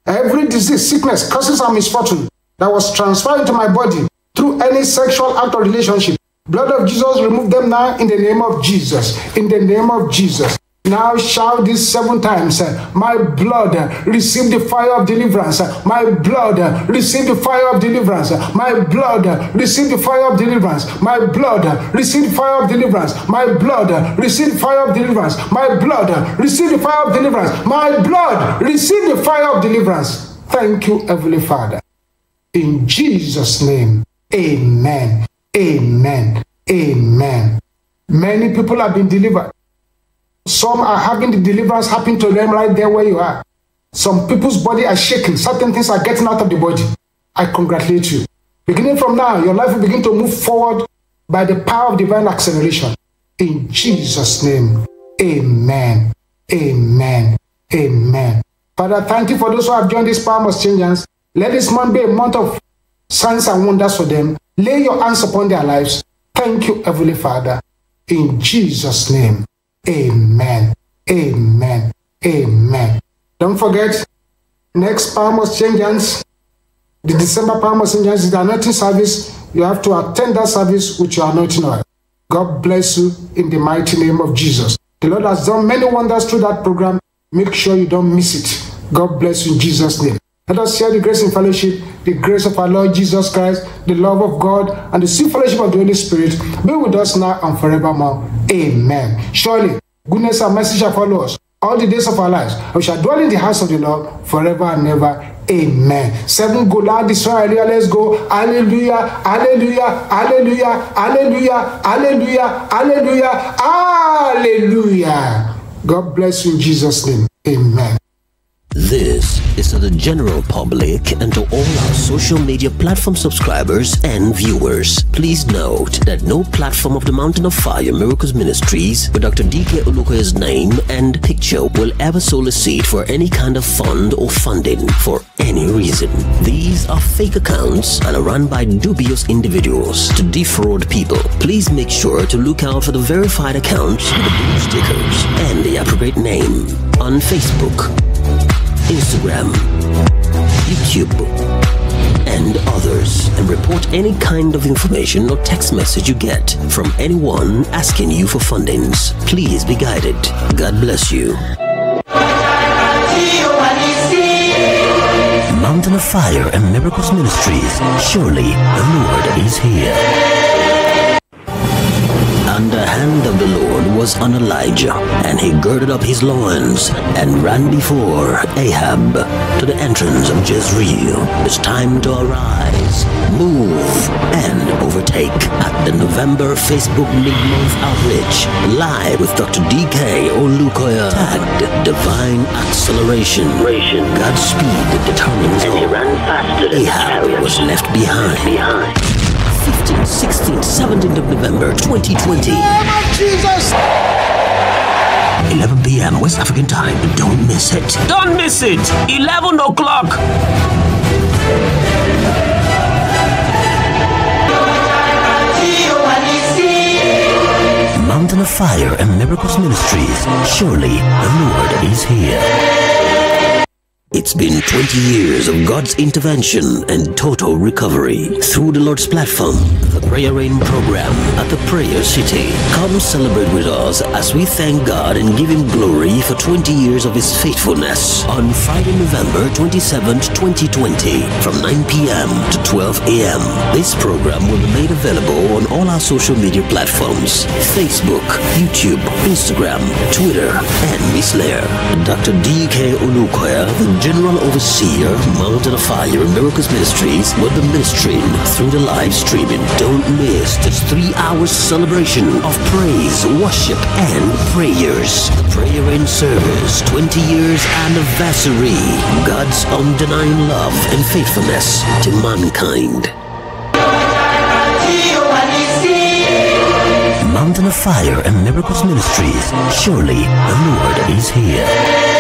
Every disease, sickness, curses, and misfortune that was transferred into my body through any sexual act or relationship, blood of Jesus, remove them now in the name of Jesus. In the name of Jesus. Now shout this seven times. My blood, receive the fire of deliverance. My blood, receive the fire of deliverance. My blood, receive the fire of deliverance. My blood, receive fire of deliverance. My blood, receive fire of deliverance. My blood, receive the fire of deliverance. My blood, receive the fire of deliverance. Thank you, Heavenly Father. In Jesus' name, amen. Amen. Amen. Many people have been delivered. Some are having the deliverance happen to them right there where you are. Some people's body are shaking. Certain things are getting out of the body. I congratulate you. Beginning from now, your life will begin to move forward by the power of divine acceleration. In Jesus' name, amen. Amen. Amen. Father, thank you for those who have joined this power change. Let this month be a month of signs and wonders for them. Lay your hands upon their lives. Thank you, Heavenly Father. In Jesus' name. Amen. Amen. Amen. Don't forget, next Palm of the December Palm of is the anointing service. You have to attend that service with your anointing oil. God bless you in the mighty name of Jesus. The Lord has done many wonders through that program. Make sure you don't miss it. God bless you in Jesus' name. Let us share the grace and fellowship, the grace of our Lord Jesus Christ, the love of God, and the sweet fellowship of the Holy Spirit be with us now and forevermore. Amen. Surely, goodness and mercy shall follow us all the days of our lives. We shall dwell in the house of the Lord forever and ever. Amen. Seven go loud, this Let's go. Hallelujah. Hallelujah. Hallelujah. Hallelujah. Hallelujah. Hallelujah. Hallelujah. God bless you in Jesus' name. Amen. This is to the general public and to all our social media platform subscribers and viewers. Please note that no platform of the Mountain of Fire Miracles Ministries with Dr. DK Olukoya's name and picture will ever solicit for any kind of fund or funding for any reason. These are fake accounts and are run by dubious individuals to defraud people. Please make sure to look out for the verified accounts with the blue stickers and the appropriate name on Facebook. Instagram, YouTube, and others and report any kind of information or text message you get from anyone asking you for fundings. Please be guided. God bless you. Mountain of Fire and Miracles Ministries. Surely the Lord is here the hand of the Lord was on Elijah, and he girded up his loins, and ran before Ahab to the entrance of Jezreel. It's time to arise, move, and overtake. At the November Facebook Mid-Month Outreach, live with Dr. DK Olukoya, tagged Divine Acceleration. Godspeed determines all. Ahab was left behind. behind. 15, 16, 17 of November 2020. Oh, Jesus! 11 p.m. West African time. Don't miss it. Don't miss it! 11 o'clock! Mountain of Fire and Miracles Ministries. Surely the Lord is here. It's been 20 years of God's intervention and total recovery. Through the Lord's platform, the Prayer Rain program at the Prayer City. Come celebrate with us as we thank God and give Him glory for 20 years of His faithfulness on Friday, November 27th, 2020 from 9 p.m. to 12 a.m. This program will be made available on all our social media platforms Facebook, YouTube, Instagram, Twitter, and Miss Lair. Dr. D.K. Olukoya, general overseer, Mountain of Fire, Miracles Ministries will be ministering through the live streaming. Don't miss this three hour celebration of praise, worship, and prayers. The prayer and service, 20 years anniversary. God's undying love and faithfulness to mankind. Mountain of Fire and Miracles Ministries. Surely the Lord is here.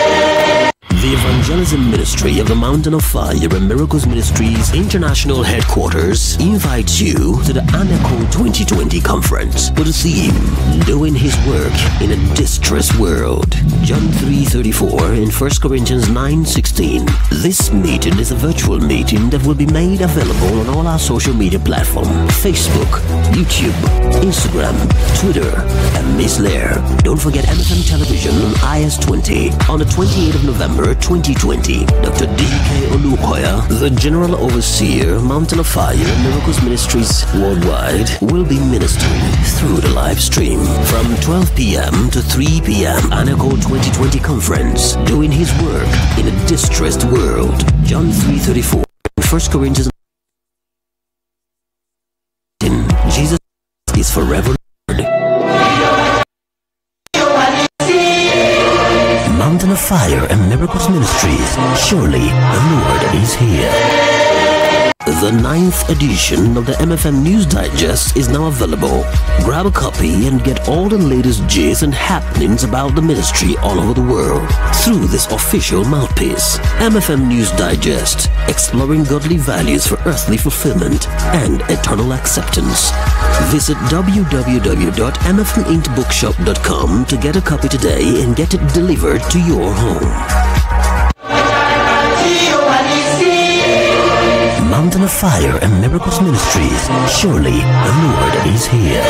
The Evangelism Ministry of the Mountain of Fire and Miracles Ministries International Headquarters invites you to the ANACO 2020 conference with the theme Doing His Work in a Distressed World. John 3:34 and 1 Corinthians 9:16. This meeting is a virtual meeting that will be made available on all our social media platforms: Facebook, YouTube, Instagram, Twitter, and Miss Lair. Don't forget MFM Television on IS20 on the 28th of November November 2020, Dr. D.K. Olukoya, the General Overseer, Mountain of Fire, Miracles Ministries Worldwide, will be ministering through the live stream from 12 p.m. to 3 p.m. Anaco 2020 Conference, doing his work in a distressed world. John 3.34, 1 Corinthians Jesus is forever of Fire and Miracles Ministries. Surely the Lord is here. The ninth edition of the MFM News Digest is now available. Grab a copy and get all the latest gist and happenings about the ministry all over the world through this official mouthpiece. MFM News Digest, exploring godly values for earthly fulfillment and eternal acceptance. Visit www.mfmintbookshop.com to get a copy today and get it delivered to your home. Mountain of Fire and Miracles Ministries. Surely the Lord is here.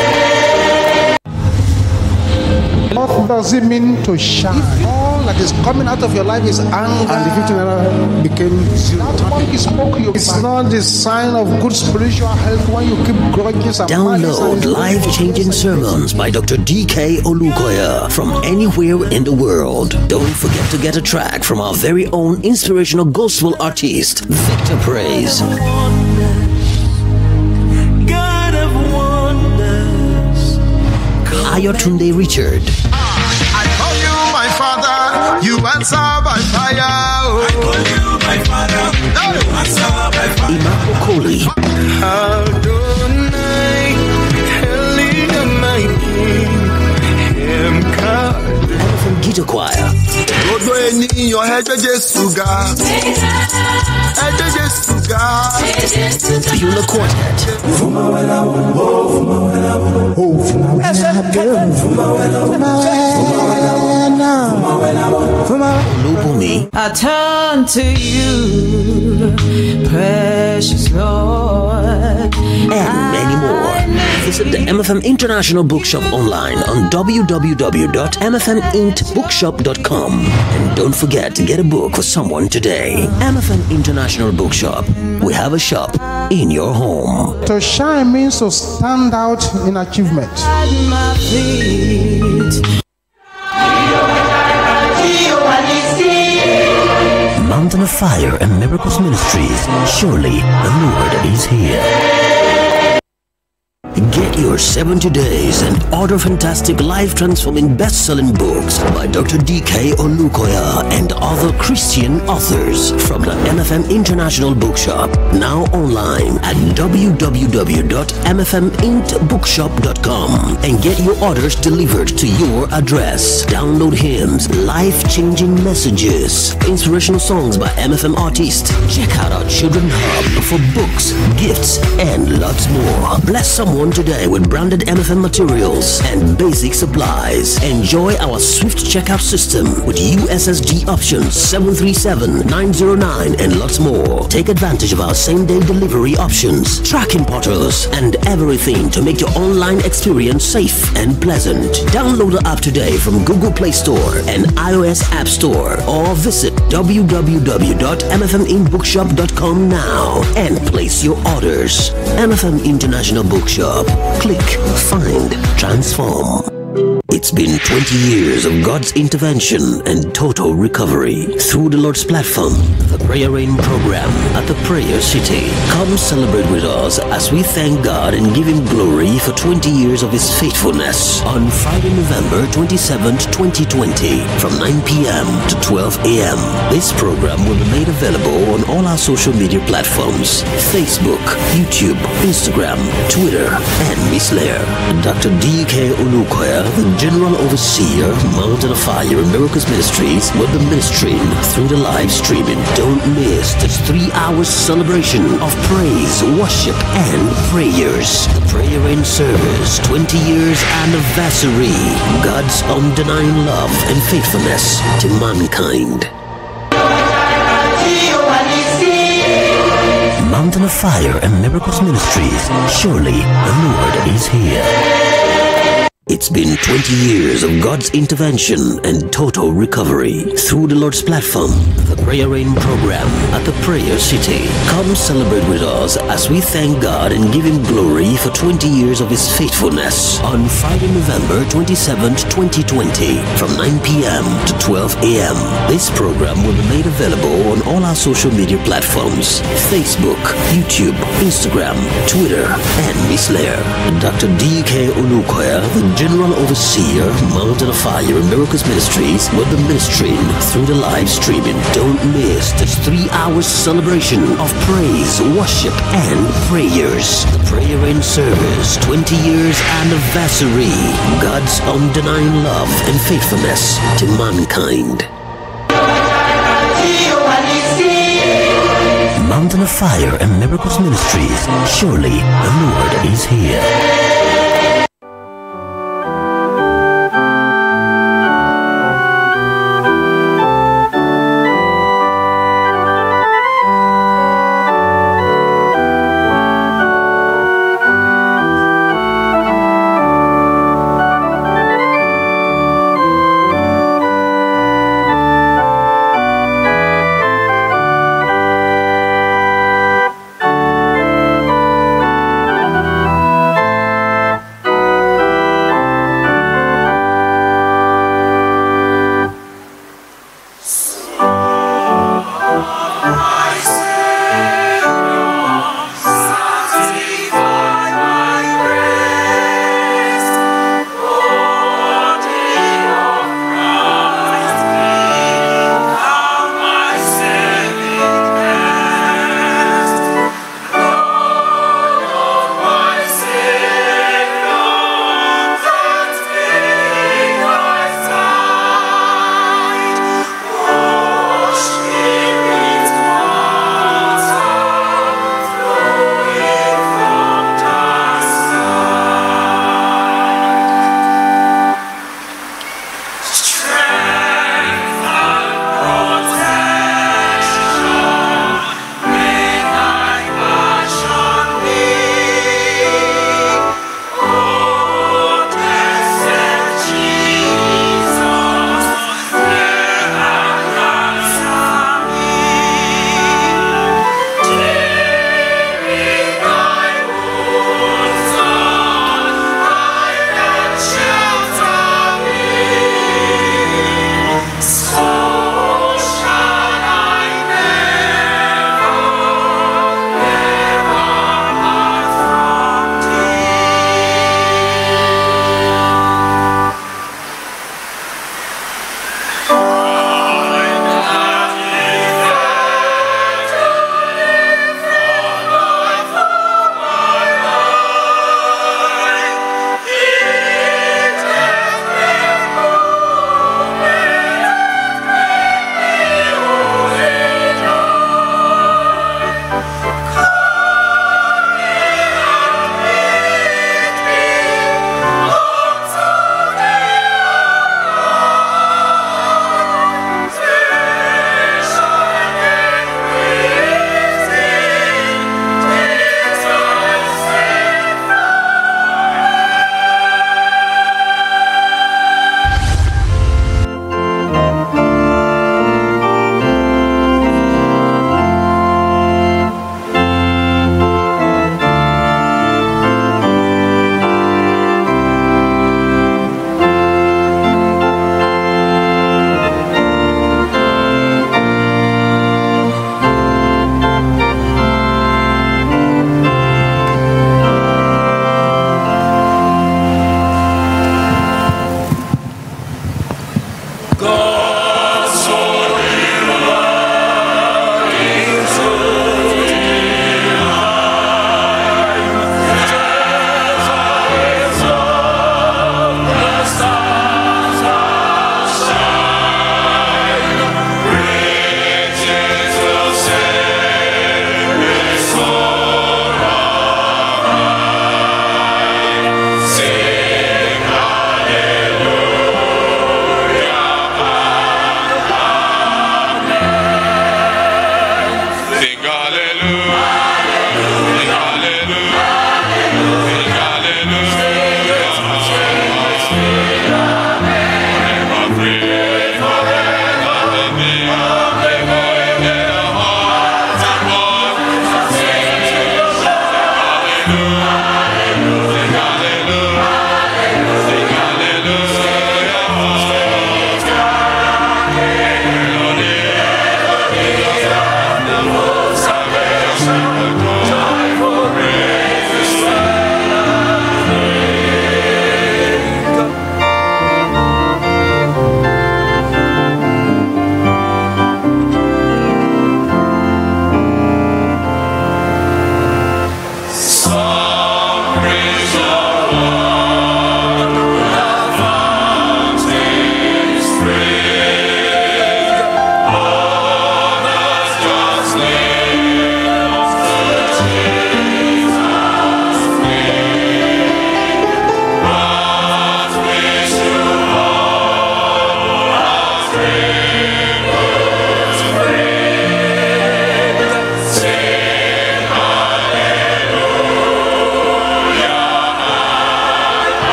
What does it mean to shine? that is coming out of your life is anger. And the 50 naira became zero. That monkey spoke you It's back. not the sign of good spiritual health when you keep grudges and Download life changing sermons by Dr. DK Olukoya from anywhere in the world. Don't forget to get a track from our very own inspirational gospel artist, Victor Praise. Ayotunde Richard. You answer by fire. Oh. I call you by fire. No. You answer by fire. Imam Okoli. Tito Choir. Quartet. Fumawela I turn to you, precious Lord. And many more. Visit the MFM International Bookshop online on www.mfmintbook.com bookshop.com. And don't forget to get a book for someone today. MFN International Bookshop. We have a shop in your home. To shine means to stand out in achievement. Mountain of Fire and Miracles Ministries. Surely the Lord is here. Get your 70 days and order fantastic life-transforming best-selling books by Dr. D.K. Olukoya and other Christian authors from the MFM International Bookshop, now online at www.mfmintbookshop.com and get your orders delivered to your address. Download hymns, life-changing messages, inspirational songs by MFM artists. Check out our Children Hub for books, gifts, and lots more. Bless someone today with branded MFM materials and basic supplies. Enjoy our swift checkout system with USSD options 737, 909 and lots more. Take advantage of our same-day delivery options, tracking portals and everything to make your online experience safe and pleasant. Download the app today from Google Play Store and iOS App Store or visit www.mfminbookshop.com now and place your orders. MFM International Bookshop up. Click, find, transform. It's been 20 years of God's intervention and total recovery. Through the Lord's platform, the Prayer Rain program at the Prayer City. Come celebrate with us as we thank God and give Him glory for 20 years of His faithfulness on Friday, November 27th, 2020 from 9 p.m. to 12 a.m. This program will be made available on all our social media platforms Facebook, YouTube, Instagram, Twitter, and Miss Lair. Dr. D.K. Olukoya, General Overseer Mountain of Fire Miracles Ministries will be ministering through the live streaming. Don't miss this three-hour celebration of praise, worship, and prayers. The prayer in service, 20 years anniversary. God's undenying love and faithfulness to mankind. Mountain of Fire and Miracles Ministries. Surely the Lord is here. It's been 20 years of God's intervention and total recovery. Through the Lord's platform, the Prayer Rain program at the Prayer City. Come celebrate with us as we thank God and give Him glory for 20 years of His faithfulness on Friday, November 27, 2020 from 9 p.m. to 12 a.m. This program will be made available on all our social media platforms Facebook, YouTube, Instagram, Twitter, and Miss Lair. Dr. D.K. Olukoya, general overseer, Mountain of Fire, and Miracles Ministries will be ministering through the live streaming. Don't miss this three hour celebration of praise, worship, and prayers. The prayer and service, 20 years anniversary. God's undying love and faithfulness to mankind. Mountain of Fire and Miracles Ministries. Surely the Lord is here.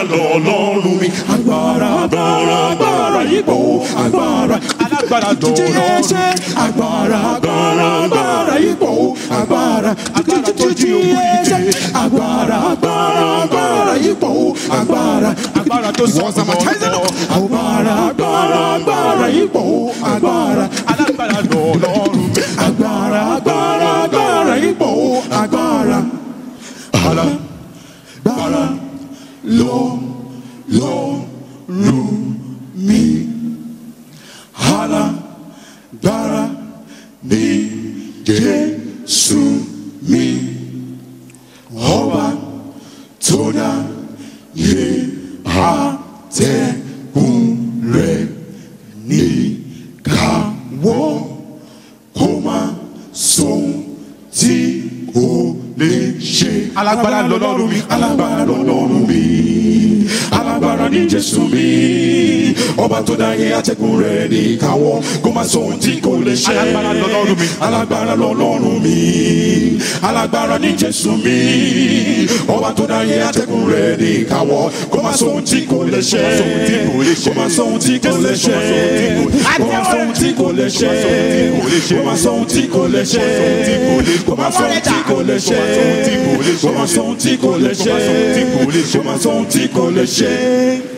agbára lọ́lọ́run mi agbára agbára agbára yípo agbára alágbára dọ̀rọ̀ agbára agbára agbára yípo agbára agbára tọ́jú ìwé agbára agbára agbára yípo agbára agbára tó sọ ọ̀rọ̀ agbára agbára agbára yípo agbára alágbára lọ́lọ́run mi agbára agbára agbára yípo agbára alágbára ló ló lù mí alágbára ni Jésù mi ọba tó dá yé àtẹ̀kùn rẹ̀ ní káwọ́ kó má sóhun tí kò lè ṣe alágbára lọ́lọ́run mi alágbára. ọba tó dáyé àtẹ̀gùn rẹ̀ ní káwọ́ kó má sọ ohun tí kò lè ṣe. alágbára lọ́lọ́run mi. alágbára lọ́lọ́run mi. alágbára ní jésù mi. ọba tó dáyé àtẹ̀gùn rẹ̀ ní káwọ́ kó má sọ ohun tí kò lè ṣe. kó má sọ ohun tí kò lè ṣe. kó má sọ ohun tí kò lè ṣe. kó má sọ ohun tí kò lè ṣe. kó má sọ ohun tí kò lè ṣe. kó má sọ ohun tí kò lè ṣe. kó má sọ ohun tí kò lè ṣe.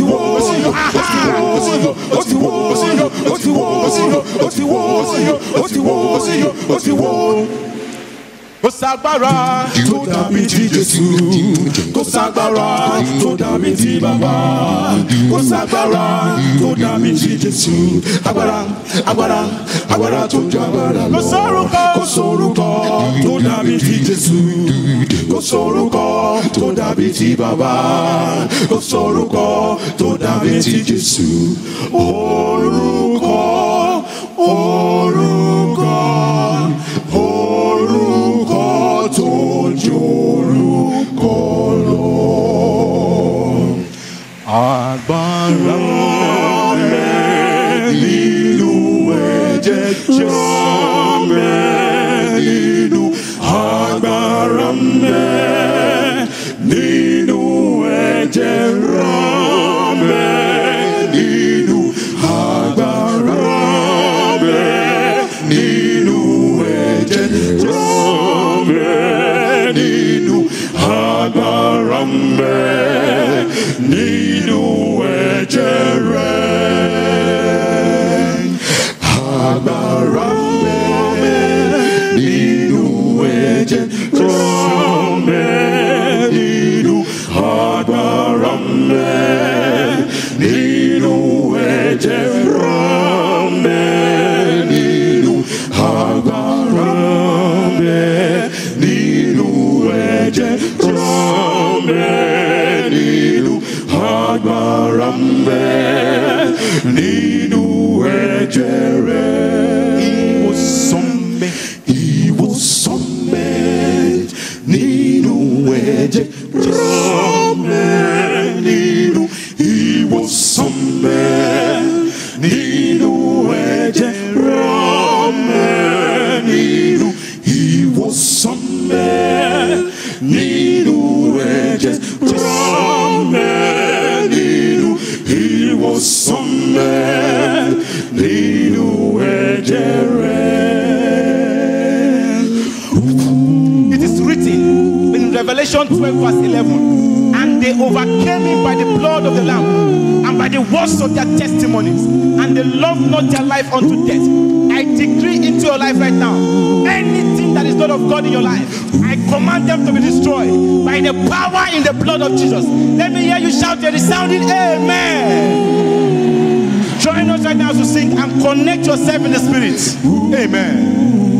ti wó ó ti wó ó ti wó ó ti wó ó ti wó ó ti wó ó ti wó ó ti wó ó ti wó ó ti wó ó ti wó ó ti wó. kò sagbára tó dàbí ti jésù kò sagbára tó dàbí ti bàbá kò sagbára tó dàbí ti jésù agbára agbára agbára tó ju agbára lọ kò sórúkọ kò sórúkọ tó dàbí ti jésù kò sórúkọ tó dàbí ti bàbá kò sórúkọ tó dàbí ti jésù orúkọ orúkọ. agbára mẹ́ nínú e jẹ́ mẹ́ nínú agbára mẹ́ nínú ẹ̀jẹ̀ rán. nínú ẹ̀jẹ̀ ẹ̀jẹ̀ ẹ̀jẹ̀ agbára ń bẹ nínú ẹ̀jẹ̀ rẹ̀. ìwòsàn bẹ. ìwòsàn bẹ nínú ẹ̀jẹ̀ rẹ̀. It is written in Revelation twelve verse eleven they overcame him by the blood of the Lamb and by the words of their testimonies, and they loved not their life unto death. I decree into your life right now anything that is not of God in your life, I command them to be destroyed by the power in the blood of Jesus. Let me hear you shout a resounding Amen. Join us right now to sing and connect yourself in the Spirit. Amen.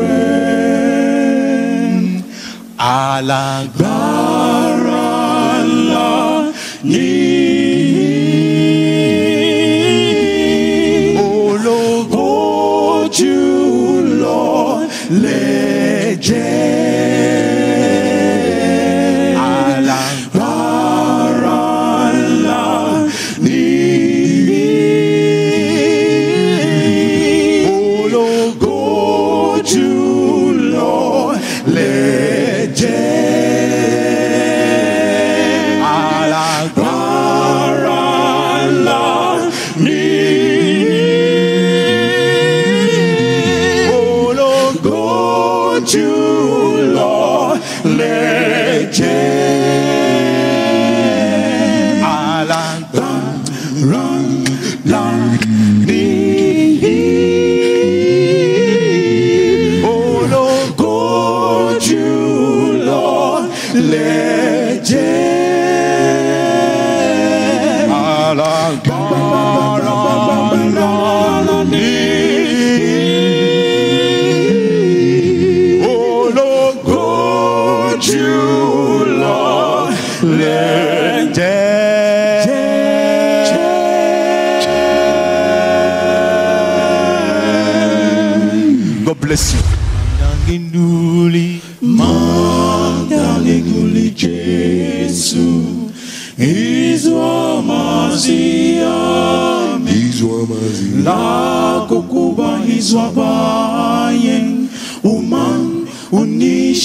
Alágbára.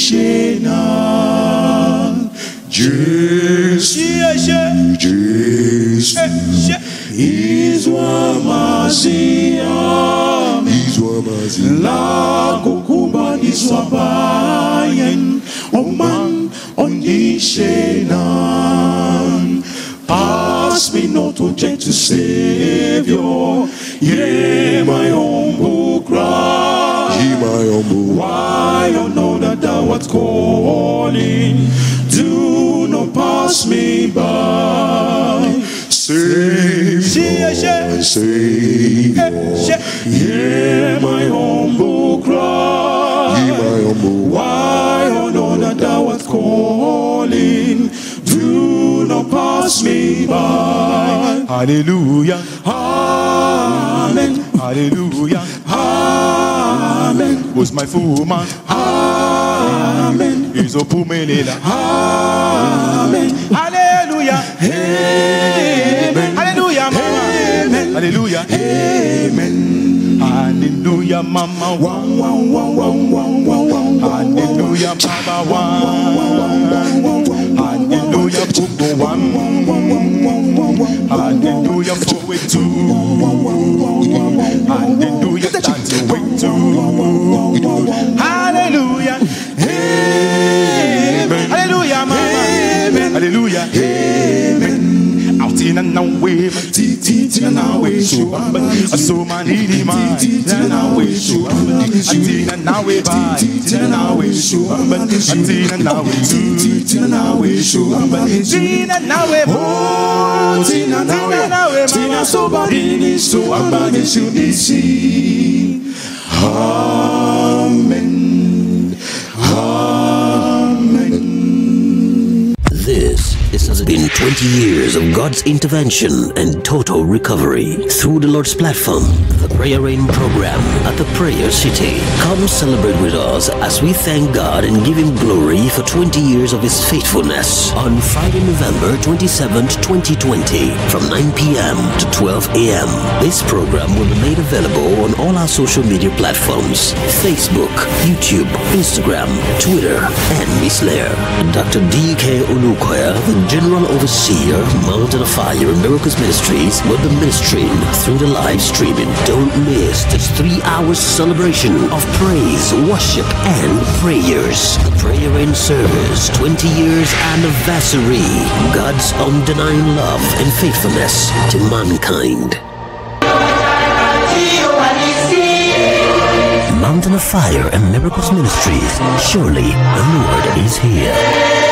Jesus, Jesus, is is La 谢那耶稣，耶稣，伊索玛西亚，伊索玛西拉古古巴伊索巴恩，我们 on ye shenan. Pass me not to change to Savior, ye my humble cry, ye my humble, why you know what's calling. Do not pass me by. Savior, Savior, hear my humble cry. my humble Why on oh honor thou art calling? Do not pass me by. Hallelujah. Amen. Hallelujah was my woman. Amen. Izopumelela. Amen. Hallelujah. Amen. Hallelujah, mama. Amen. Hallelujah. Amen. Hallelujah, mama. Wow, wow, wow, wow, wow, wow. Hallelujah, Papa. Wow. Hallelujah, pugo one. Hallelujah, for it too and they do your dancing way too. Hallelujah. Amen. Hallelujah, mama. Hallelujah. Amen. Out in and away, tea tea tea and away show. So many man, tea tea and away show. Tina na we buy, Tina na we show, but Tina na we do, Tina na we show, but Tina na Tina na we, Tina so bad in so abad in show, see. Ah. 20 years of God's intervention and total recovery through the Lord's platform, the Prayer Rain program at the Prayer City. Come celebrate with us as we thank God and give Him glory for 20 years of His faithfulness on Friday, November 27th, 2020 from 9 p.m. to 12 a.m. This program will be made available on all our social media platforms Facebook, YouTube, Instagram, Twitter, and Miss Lair. Dr. D.K. Olukoya, the General Overseer Seer, Mountain of Fire, and Miracles Ministries will be ministering through the live streaming. Don't miss this three hour celebration of praise, worship, and prayers. The prayer and service, 20 years anniversary. God's undenying love and faithfulness to mankind. Mountain of Fire and Miracles Ministries. Surely the Lord is here.